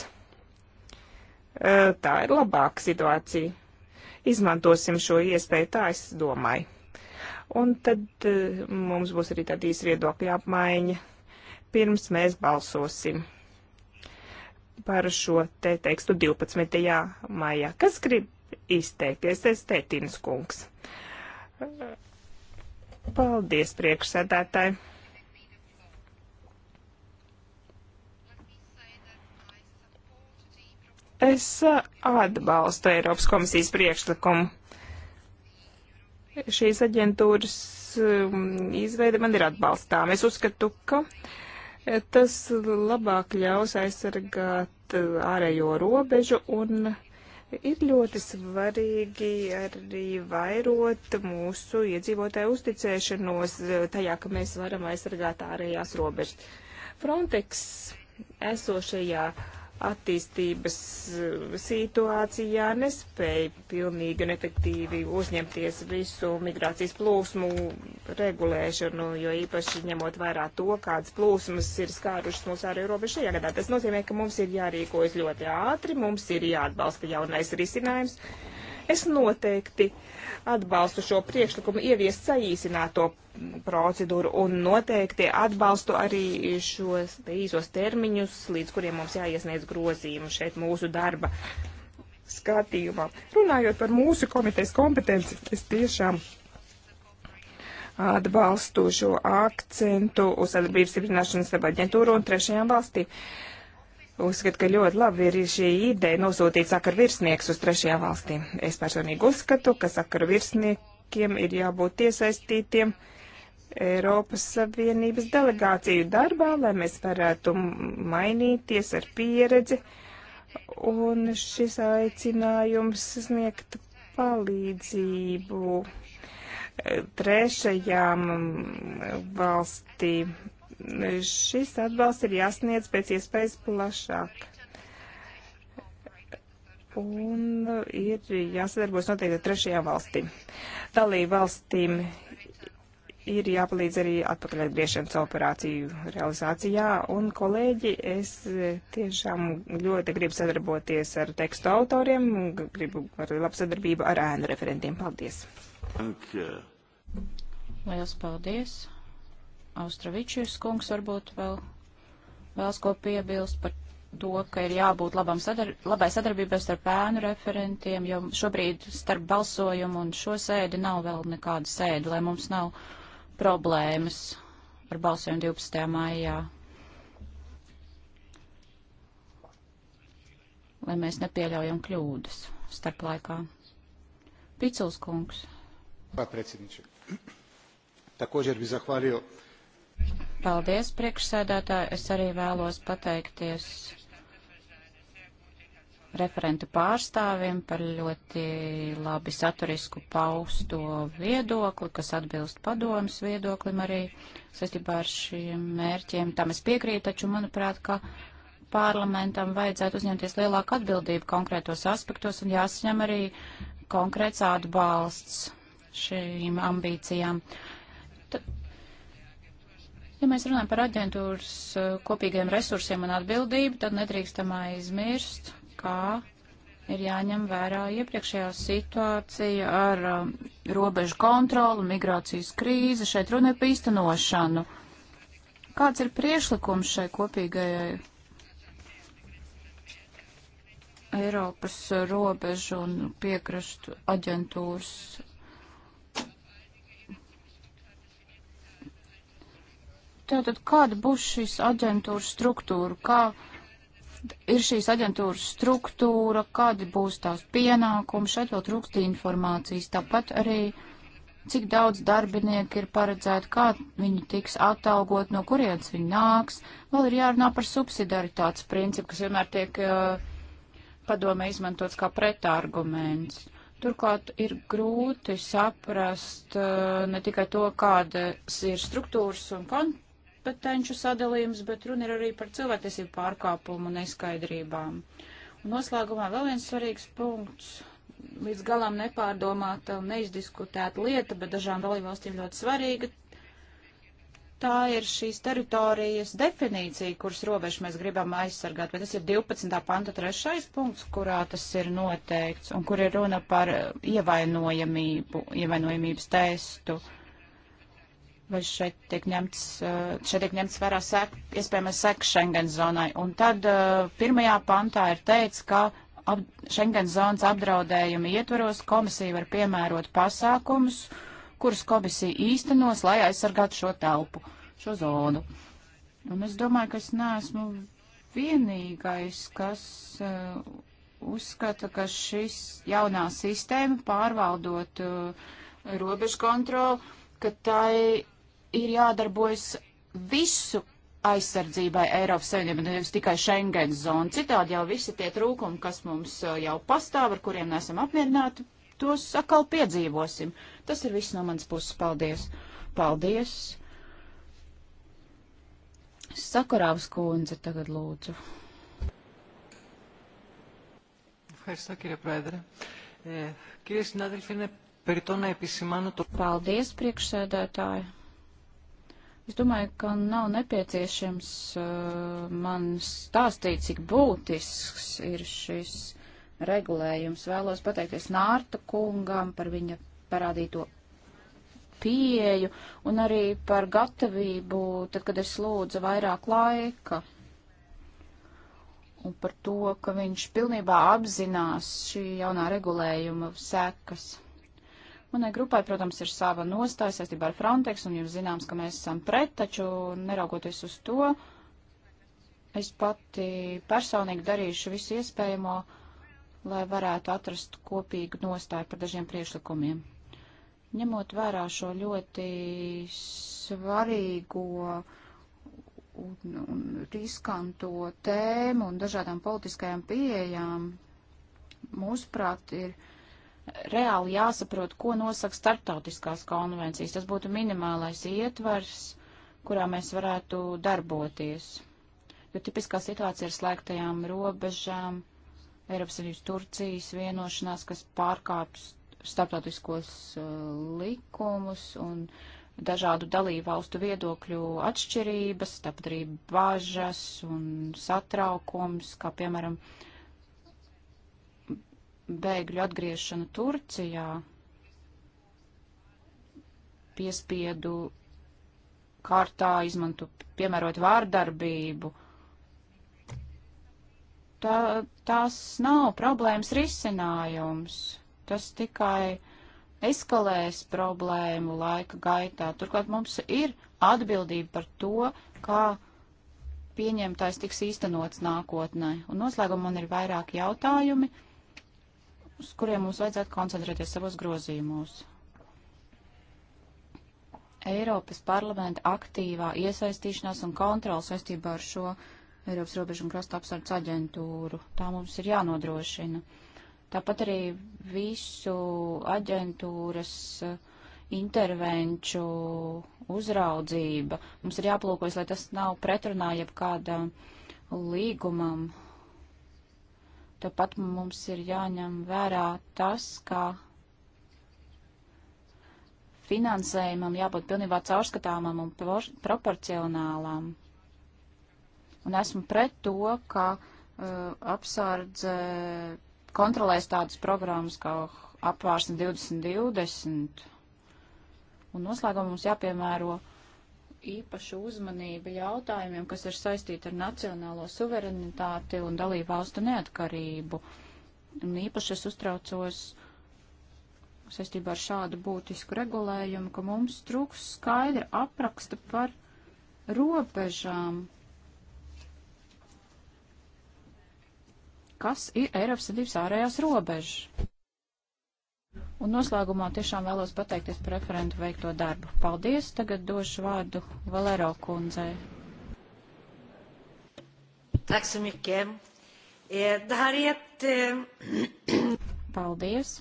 A: Eh, tā ir labāka situācija. Izmantosim šo iespēju, tā es domāju. Un tad eh, mums būs arī tāda īsa viedokļa apmaiņa, pirms mēs balsosim par šo te tekstu 12. maijā. Kas grib izteikties? Es Tētins kungs. Paldies, priekšsēdētāji. Es eh, atbalstu Eiropas komisijas priekšlikumu. Šīs aģentūras um, izveide man ir atbalstām. Es uzskatu, ka eh, tas labāk ļaus aizsargāt eh, ārējo robežu un ir ļoti svarīgi arī vairot mūsu iedzīvotāju uzticēšanos tajā, ka mēs varam aizsargāt ārējās robežas. Frontex esošajā uh, attīstības eh, situācijā nespēja pilnīgi un efektīvi uzņemties visu migrācijas plūsmu regulēšanu, jo īpaši ņemot vērā to, kādas plūsmas ir skārušas mūsu ārējo robežu šajā gadā. Tas nozīmē, ka mums ir jārīkojas ļoti ātri, mums ir jāatbalsta jaunais risinājums Es noteikti atbalstu šo priekšlikumu ieviest saīsināto procedūru un noteikti atbalstu arī šos te īsos termiņus, līdz kuriem mums jāiesniedz grozījumi šeit mūsu darba skatījumā. Runājot par mūsu komitejas kompetenci, es tiešām atbalstu šo akcentu uz sadarbības stiprināšanas starp aģentūru un trešajām valstīm. Uh, Uzskat, ka ļoti labi ir šī ideja nosūtīt sakaru virsnieks uz trešajām valstīm. Es personīgi uzskatu, ka sakaru virsniekiem ir jābūt iesaistītiem Eiropas Savienības delegāciju darbā, lai mēs varētu mainīties ar pieredzi. Un šis aicinājums sniegt palīdzību eh, trešajām valstīm šis atbalsts ir jāsniedz pēc iespējas plašāk. Un ir jāsadarbojas noteikti ar trešajām valstīm. Dalību valstīm ir jāpalīdz arī atpakaļgriešanas operāciju realizācijā. Un, kolēģi, es tiešām ļoti gribu sadarboties ar tekstu autoriem, gribu ar labu sadarbību ar ēnu referentiem. Paldies!
B: Lielas paldies! Austravičus kungs varbūt vēl vēlas ko piebilst par to, ka ir jābūt sadar labai sadarbībai starp ēnu referentiem, jo šobrīd starp balsojumu un šo sēdi nav vēl nekāda sēdi, lai mums nav problēmas ar balsojumu 12. maijā. Lai mēs nepieļaujam kļūdas starp laikā. Picils kungs.
C: Hvala predsjedniče. Također bih zahvalio uh,
B: Paldies, priekšsēdētāji. Es arī vēlos pateikties referentu pārstāvim par ļoti labi saturisku pausto viedokli, kas atbilst padomas viedoklim arī saistībā ar šiem mērķiem. Tam es piekrītu, taču manuprāt, ka parlamentam vajadzētu uzņemties lielāku atbildību konkrētos aspektos un jāsaņem arī konkrēts atbalsts šīm ambīcijām. Tad Ja mēs runājam par aģentūras eh, kopīgiem resursiem un atbildību, tad nedrīkstam aizmirst, kā ir jāņem vērā iepriekšējā situācija ar um, robežu kontroli, migrācijas krīzi, šeit runa ir par īstenošanu. Kāds ir priešlikums šai kopīgajai Eiropas robežu un piekrastu aģentūras Tātad, kāda būs šīs aģentūras struktūra, kā ir šīs aģentūras struktūra, kādi būs tās pienākumi, šeit vēl trūkst informācijas. Tāpat arī, cik daudz darbinieku ir paredzēti, kā viņi tiks atalgot, no kurienes viņi nāks. Vēl ir jārunā par subsidaritātes principu, kas vienmēr tiek uh, padomē izmantots kā pretarguments. Turklāt ir grūti saprast uh, ne tikai to, kādas ir struktūras un kontakti, kompetenču sadalījums, bet runa ir arī par cilvēktiesību pārkāpumu neskaidrībām. Un noslēgumā vēl viens svarīgs punkts līdz galam nepārdomāta un neizdiskutēta lieta, bet dažām dalībvalstīm ļoti svarīga. Tā ir šīs teritorijas definīcija, kuras robežu mēs gribam aizsargāt, bet tas ir 12. panta trešais punkts, kurā tas ir noteikts un kur ir runa par ievainojamību, ievainojamības testu. Uh, vai šeit tiek ņemts, eh, šeit tiek ņemts vērā sek, iespējamas sekas Schengen zonai. Un tad eh, pirmajā pantā ir teicis, ka ap, Schengen zonas apdraudējumi ietvaros komisija var piemērot pasākumus, kurus komisija īstenos, lai aizsargātu šo telpu, šo zonu. Un es domāju, ka es neesmu vienīgais, kas uh, uzskata, ka šis jaunā sistēma pārvaldot uh, robežu kontroli, ka tai ir jādarbojas visu aizsardzībai Eiropas Savienībā, nevis tikai Schengen zonu. Citādi jau visi tie trūkumi, kas mums uh, jau pastāv, ar kuriem neesam apmierināti, tos atkal piedzīvosim. Tas ir viss no manas puses. Paldies! Paldies! Sakarāvas kundze tagad lūdzu.
C: Ευχαριστώ κύριε Πρόεδρε. Ε, κύριε συνάδελφοι, είναι περιττό να επισημάνω το...
B: Paldies, priekšsēdētāji. Es domāju, ka nav nepieciešams uh, man stāstīt, cik būtisks ir šis regulējums. Vēlos pateikties Nārta kungam par viņa parādīto pieeju un arī par gatavību, tad, kad es lūdzu vairāk laika. Un par to, ka viņš pilnībā apzinās šī jaunā regulējuma sekas. Manai grupai, protams, ir sava nostāja saistībā ar Frontex, un jums zināms, ka mēs esam pret, taču neraugoties uz to, es pati personīgi darīšu visu iespējamo, lai varētu atrast kopīgu nostāju par dažiem priekšlikumiem. Ņemot vērā šo ļoti svarīgo un, un riskanto tēmu un dažādām politiskajām pieejām, mūsuprāt, ir reāli jāsaprot, ko nosaka starptautiskās konvencijas. Tas būtu minimālais ietvars, kurā mēs varētu darboties. Jo tipiskā situācija ir slēgtajām robežām, Eiropas Savienības Turcijas vienošanās, kas pārkāpj starptautiskos uh, likumus un dažādu dalību valstu viedokļu atšķirības, tāpat arī bažas un satraukums, kā piemēram uh, bēgļu atgriešana Turcijā piespiedu kārtā izmanto piemērot vārdarbību. Tā, tās nav problēmas risinājums. Tas tikai eskalēs problēmu laika gaitā. Turklāt mums ir atbildība par to, kā pieņemtais tiks īstenots nākotnē. Un noslēgumā man ir vairāki jautājumi. Uh, uz kuriem mums vajadzētu koncentrēties savos grozījumos. Eiropas parlamenta aktīvā iesaistīšanās un kontrola saistībā ar šo Eiropas robežu un krasta apsardz aģentūru. Tā mums ir jānodrošina. Tāpat arī visu aģentūras eh, intervenču uzraudzība. Mums ir jāplūkojas, lai tas nav pretrunā jebkāda līgumam Tāpat mums ir jāņem vērā tas, ka finansējumam jābūt pilnībā caurskatāmam un proporcionālam. Un esmu pret to, ka uh, apsārdze kontrolēs tādas programmas kā apvārsne 2020. Un noslēgumā mums jāpiemēro uh, īpašu uzmanību jautājumiem, kas ir saistīti ar nacionālo suverenitāti un dalību valstu neatkarību. Un īpaši es uztraucos saistībā ar šādu būtisku regulējumu, ka mums trūks skaidra apraksta par robežām, kas ir Eiropas Savienības ārējās robežas. Un noslēgumā tiešām vēlos pateikties par referentu veikto darbu. Paldies! Tagad došu vārdu Valero kundzei. Eh, eh, Paldies!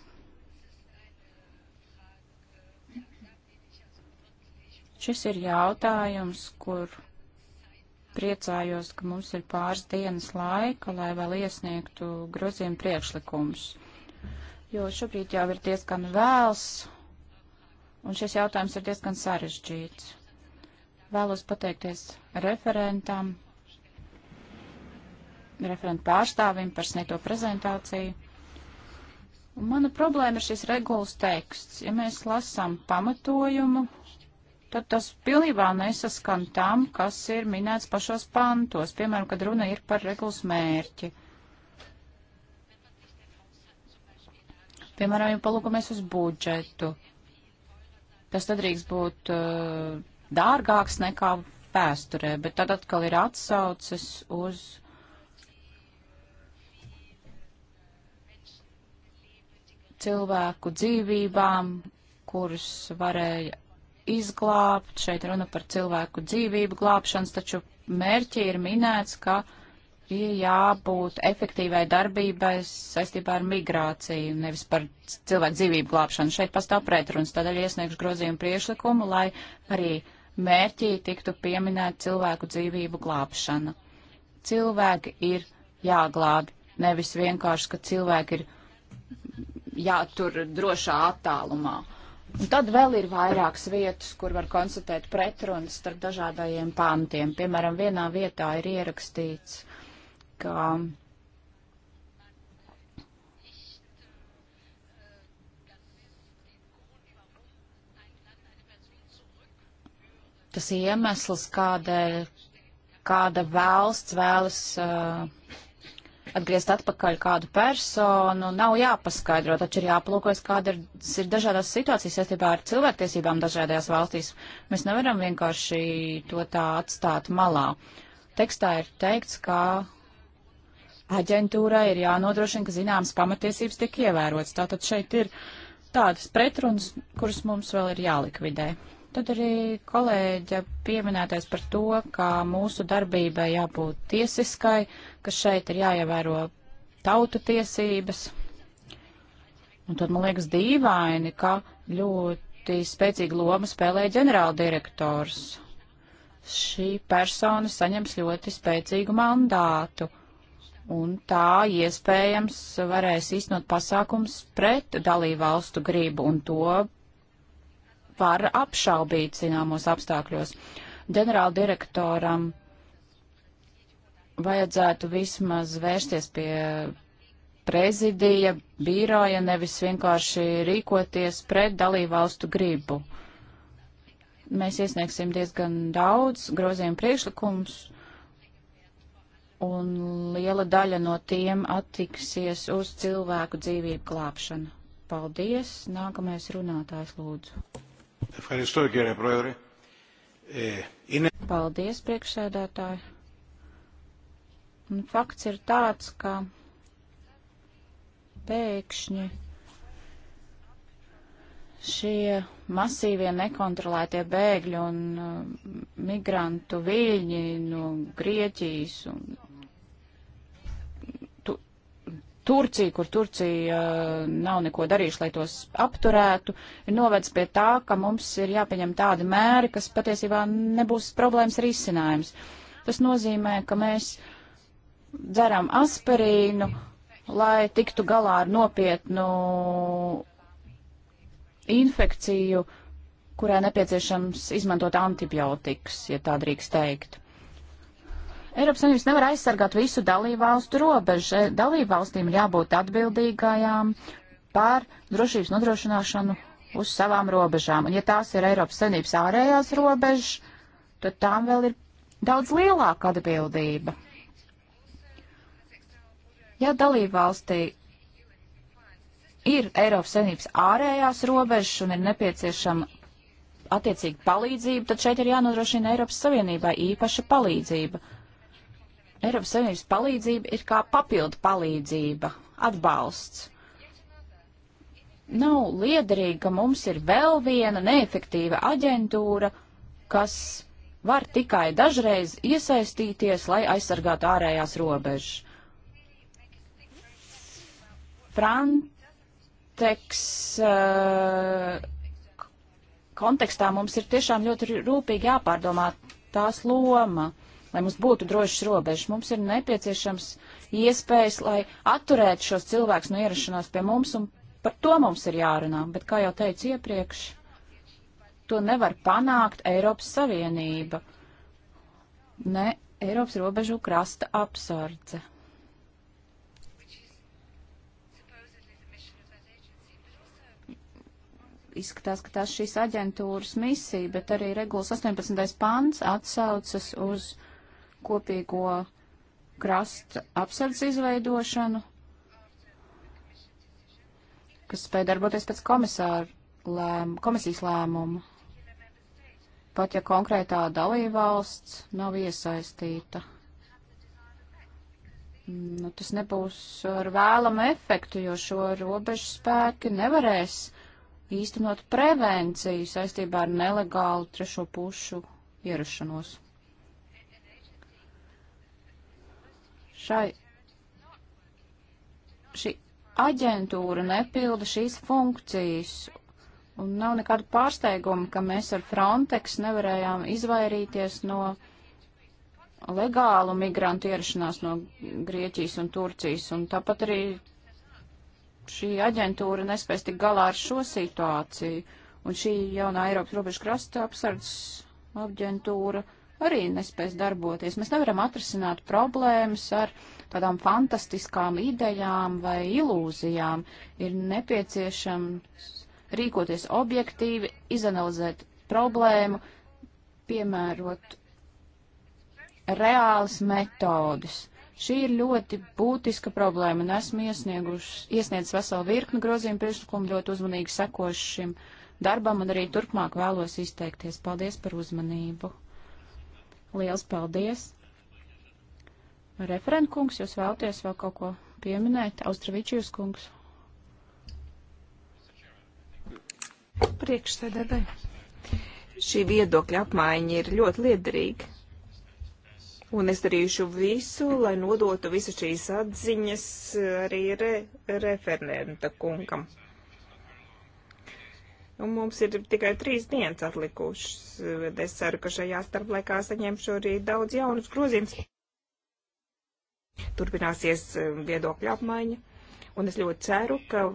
B: Šis ir jautājums, kur priecājos, ka mums ir pāris dienas laika, lai vēl iesniegtu grozījumu priekšlikumus jo šobrīd jau ir diezgan vēls, un šis jautājums ir diezgan sarežģīts. Vēlos pateikties referentam, referentu pārstāvim par sniegto prezentāciju. Un mana problēma ir šis regulas teksts. Ja mēs lasām pamatojumu, tad tas pilnībā nesaskan tam, kas ir minēts pašos pantos, piemēram, kad runa ir par regulas mērķi. Piemēram, ja palūkamies uz budžetu, tas tad drīkst būt uh, dārgāks nekā vēsturē, bet tad atkal ir atsauces uz. cilvēku dzīvībām, kurus varēja izglābt. Šeit runa par cilvēku dzīvību glābšanas, taču mērķi ir minēts, ka uh, ir jābūt efektīvai darbībai saistībā ar migrāciju, nevis par cilvēku dzīvību glābšanu. Šeit pastāv pretruns, tādēļ iesniegšu grozījumu priešlikumu, lai arī mērķī tiktu pieminēt cilvēku dzīvību glābšana. Cilvēki ir jāglābi, nevis vienkārši, ka cilvēki ir jātur drošā attālumā. Un tad vēl ir vairākas vietas, kur var konstatēt pretrunas starp dažādajiem pāntiem. Piemēram, vienā vietā ir ierakstīts, ka tas iemesls, kādēļ kāda valsts vēlas uh, atgriezt atpakaļ kādu personu, nav jāpaskaidro, taču ir jāplūkojas, kāda ir, ir dažādās situācijas saistībā ar cilvēktiesībām dažādajās valstīs. Mēs nevaram vienkārši to tā atstāt malā. Tekstā ir teikts, ka aģentūrai ir jānodrošina, ka zināmas pamatiesības tiek ievērotas. Tātad šeit ir tādas pretrunas, kuras mums vēl ir jālikvidē. Tad arī kolēģa pieminētais par to, ka mūsu darbībai jābūt tiesiskai, ka šeit ir jāievēro tautu tiesības. Un tad man liekas dīvaini, ka ļoti spēcīgu lomu spēlē ģenerāldirektors. Šī persona saņems ļoti spēcīgu mandātu un tā iespējams varēs iznot pasākums pret dalību valstu gribu, un to var apšaubīt zināmos apstākļos. Ģenerāla direktoram vajadzētu vismaz vērsties pie prezidija, bīroja, nevis vienkārši rīkoties pret dalību valstu gribu. Mēs iesniegsim diezgan daudz grozījumu priekšlikumus un liela daļa no tiem attiksies uz cilvēku dzīvību glābšanu. Paldies! Nākamais runātājs lūdzu. Paldies, priekšsēdētāji! Un fakts ir tāds, ka pēkšņi šie masīvie nekontrolētie bēgļi un uh, migrantu viļņi no Grieķijas un Turcija, kur Turcija eh, nav neko darījuši, lai tos apturētu, ir novedis pie tā, ka mums ir jāpieņem tādi mēri, kas patiesībā nebūs problēmas risinājums. Tas nozīmē, ka mēs dzeram aspirīnu, lai tiktu galā ar nopietnu infekciju, kurai nepieciešams izmantot antibiotikas, ja tā drīkst teikt. Eiropas Savienības nevar aizsargāt visu dalībvalstu robežu. E, dalībvalstīm ir jābūt atbildīgajām par drošības nodrošināšanu uz savām robežām. Un ja tās ir Eiropas Savienības ārējās robežas, tad tām vēl ir daudz lielāka atbildība. Ja dalībvalstī ir Eiropas Savienības ārējās robežas un ir nepieciešama attiecīga palīdzība, tad šeit ir jānodrošina Eiropas Savienībai īpaša palīdzība. Eiropas Savienības palīdzība ir kā papildu palīdzība, atbalsts. Nav liederīgi, ka mums ir vēl viena neefektīva aģentūra, kas var tikai dažreiz iesaistīties, lai aizsargātu ārējās robežas. Frontex uh, kontekstā mums ir tiešām ļoti rūpīgi jāpārdomā tās loma. Uh, lai mums būtu drošas robežas. Mums ir nepieciešams iespējas, lai atturētu šos cilvēkus no ierašanās pie mums, un par to mums ir jārunā. Bet, kā jau teicu iepriekš, to nevar panākt Eiropas Savienība, ne Eiropas robežu krasta apsardze. izskatās, ka tās šīs aģentūras misija, bet arī regulas 18. pants atsaucas uz kopīgo krasta apsardz izveidošanu, kas spēja darboties pēc komisāra lēm, komisijas lēmumu, pat ja konkrētā dalībvalsts nav iesaistīta. Nu, tas nebūs ar vēlamu efektu, jo šo robežu spēki nevarēs īstenot prevenciju saistībā ar nelegālu trešo pušu ierašanos. šai, šī aģentūra nepilda šīs funkcijas. Un nav nekāda pārsteiguma, ka mēs ar Frontex nevarējām izvairīties no legālu migrantu ierašanās no Grieķijas un Turcijas. Un tāpat arī šī aģentūra nespēs tik galā ar šo situāciju. Un šī jaunā Eiropas robežu krasta apsardzes aģentūra. Uh, arī nespēs darboties. Mēs nevaram atrisināt problēmas ar tādām fantastiskām idejām vai ilūzijām. Ir nepieciešams rīkoties objektīvi, izanalizēt problēmu, piemērot reālas metodas. Šī ir ļoti būtiska problēma, un esmu iesniedzis veselu virkni grozījumu priekšlikumu, ļoti uzmanīgi sekošu šim darbam, un arī turpmāk vēlos izteikties. Paldies par uzmanību! Liels paldies! Referentkungs, jūs vēlties vēl kaut ko pieminēt? Austravičijus kungs.
A: Priekšsēdētāji, šī viedokļa apmaiņa ir ļoti liederīga. Un es darīšu visu, lai nodotu visas šīs atziņas arī re referenta kungam. Un mums ir tikai trīs dienas atlikušas. Es ceru, ka šajā starplaikā saņemšu arī daudz jaunus grozījumus. Turpināsies um, viedokļu apmaiņa. Un es ļoti ceru, ka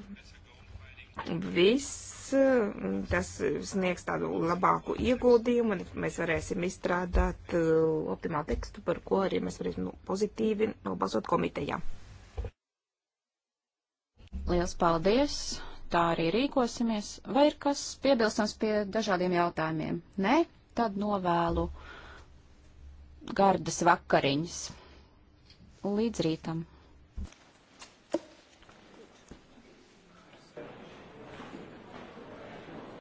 A: viss um, tas sniegs tādu labāku ieguldījumu, un mēs varēsim izstrādāt uh, optimālu tekstu, par ko arī mēs varēsim nu, pozitīvi nobalsot komitejā. Liels
B: paldies! tā arī rīkosimies. Vai ir kas piebilstams pie dažādiem jautājumiem? Nē, tad novēlu gardas vakariņas. Līdz rītam!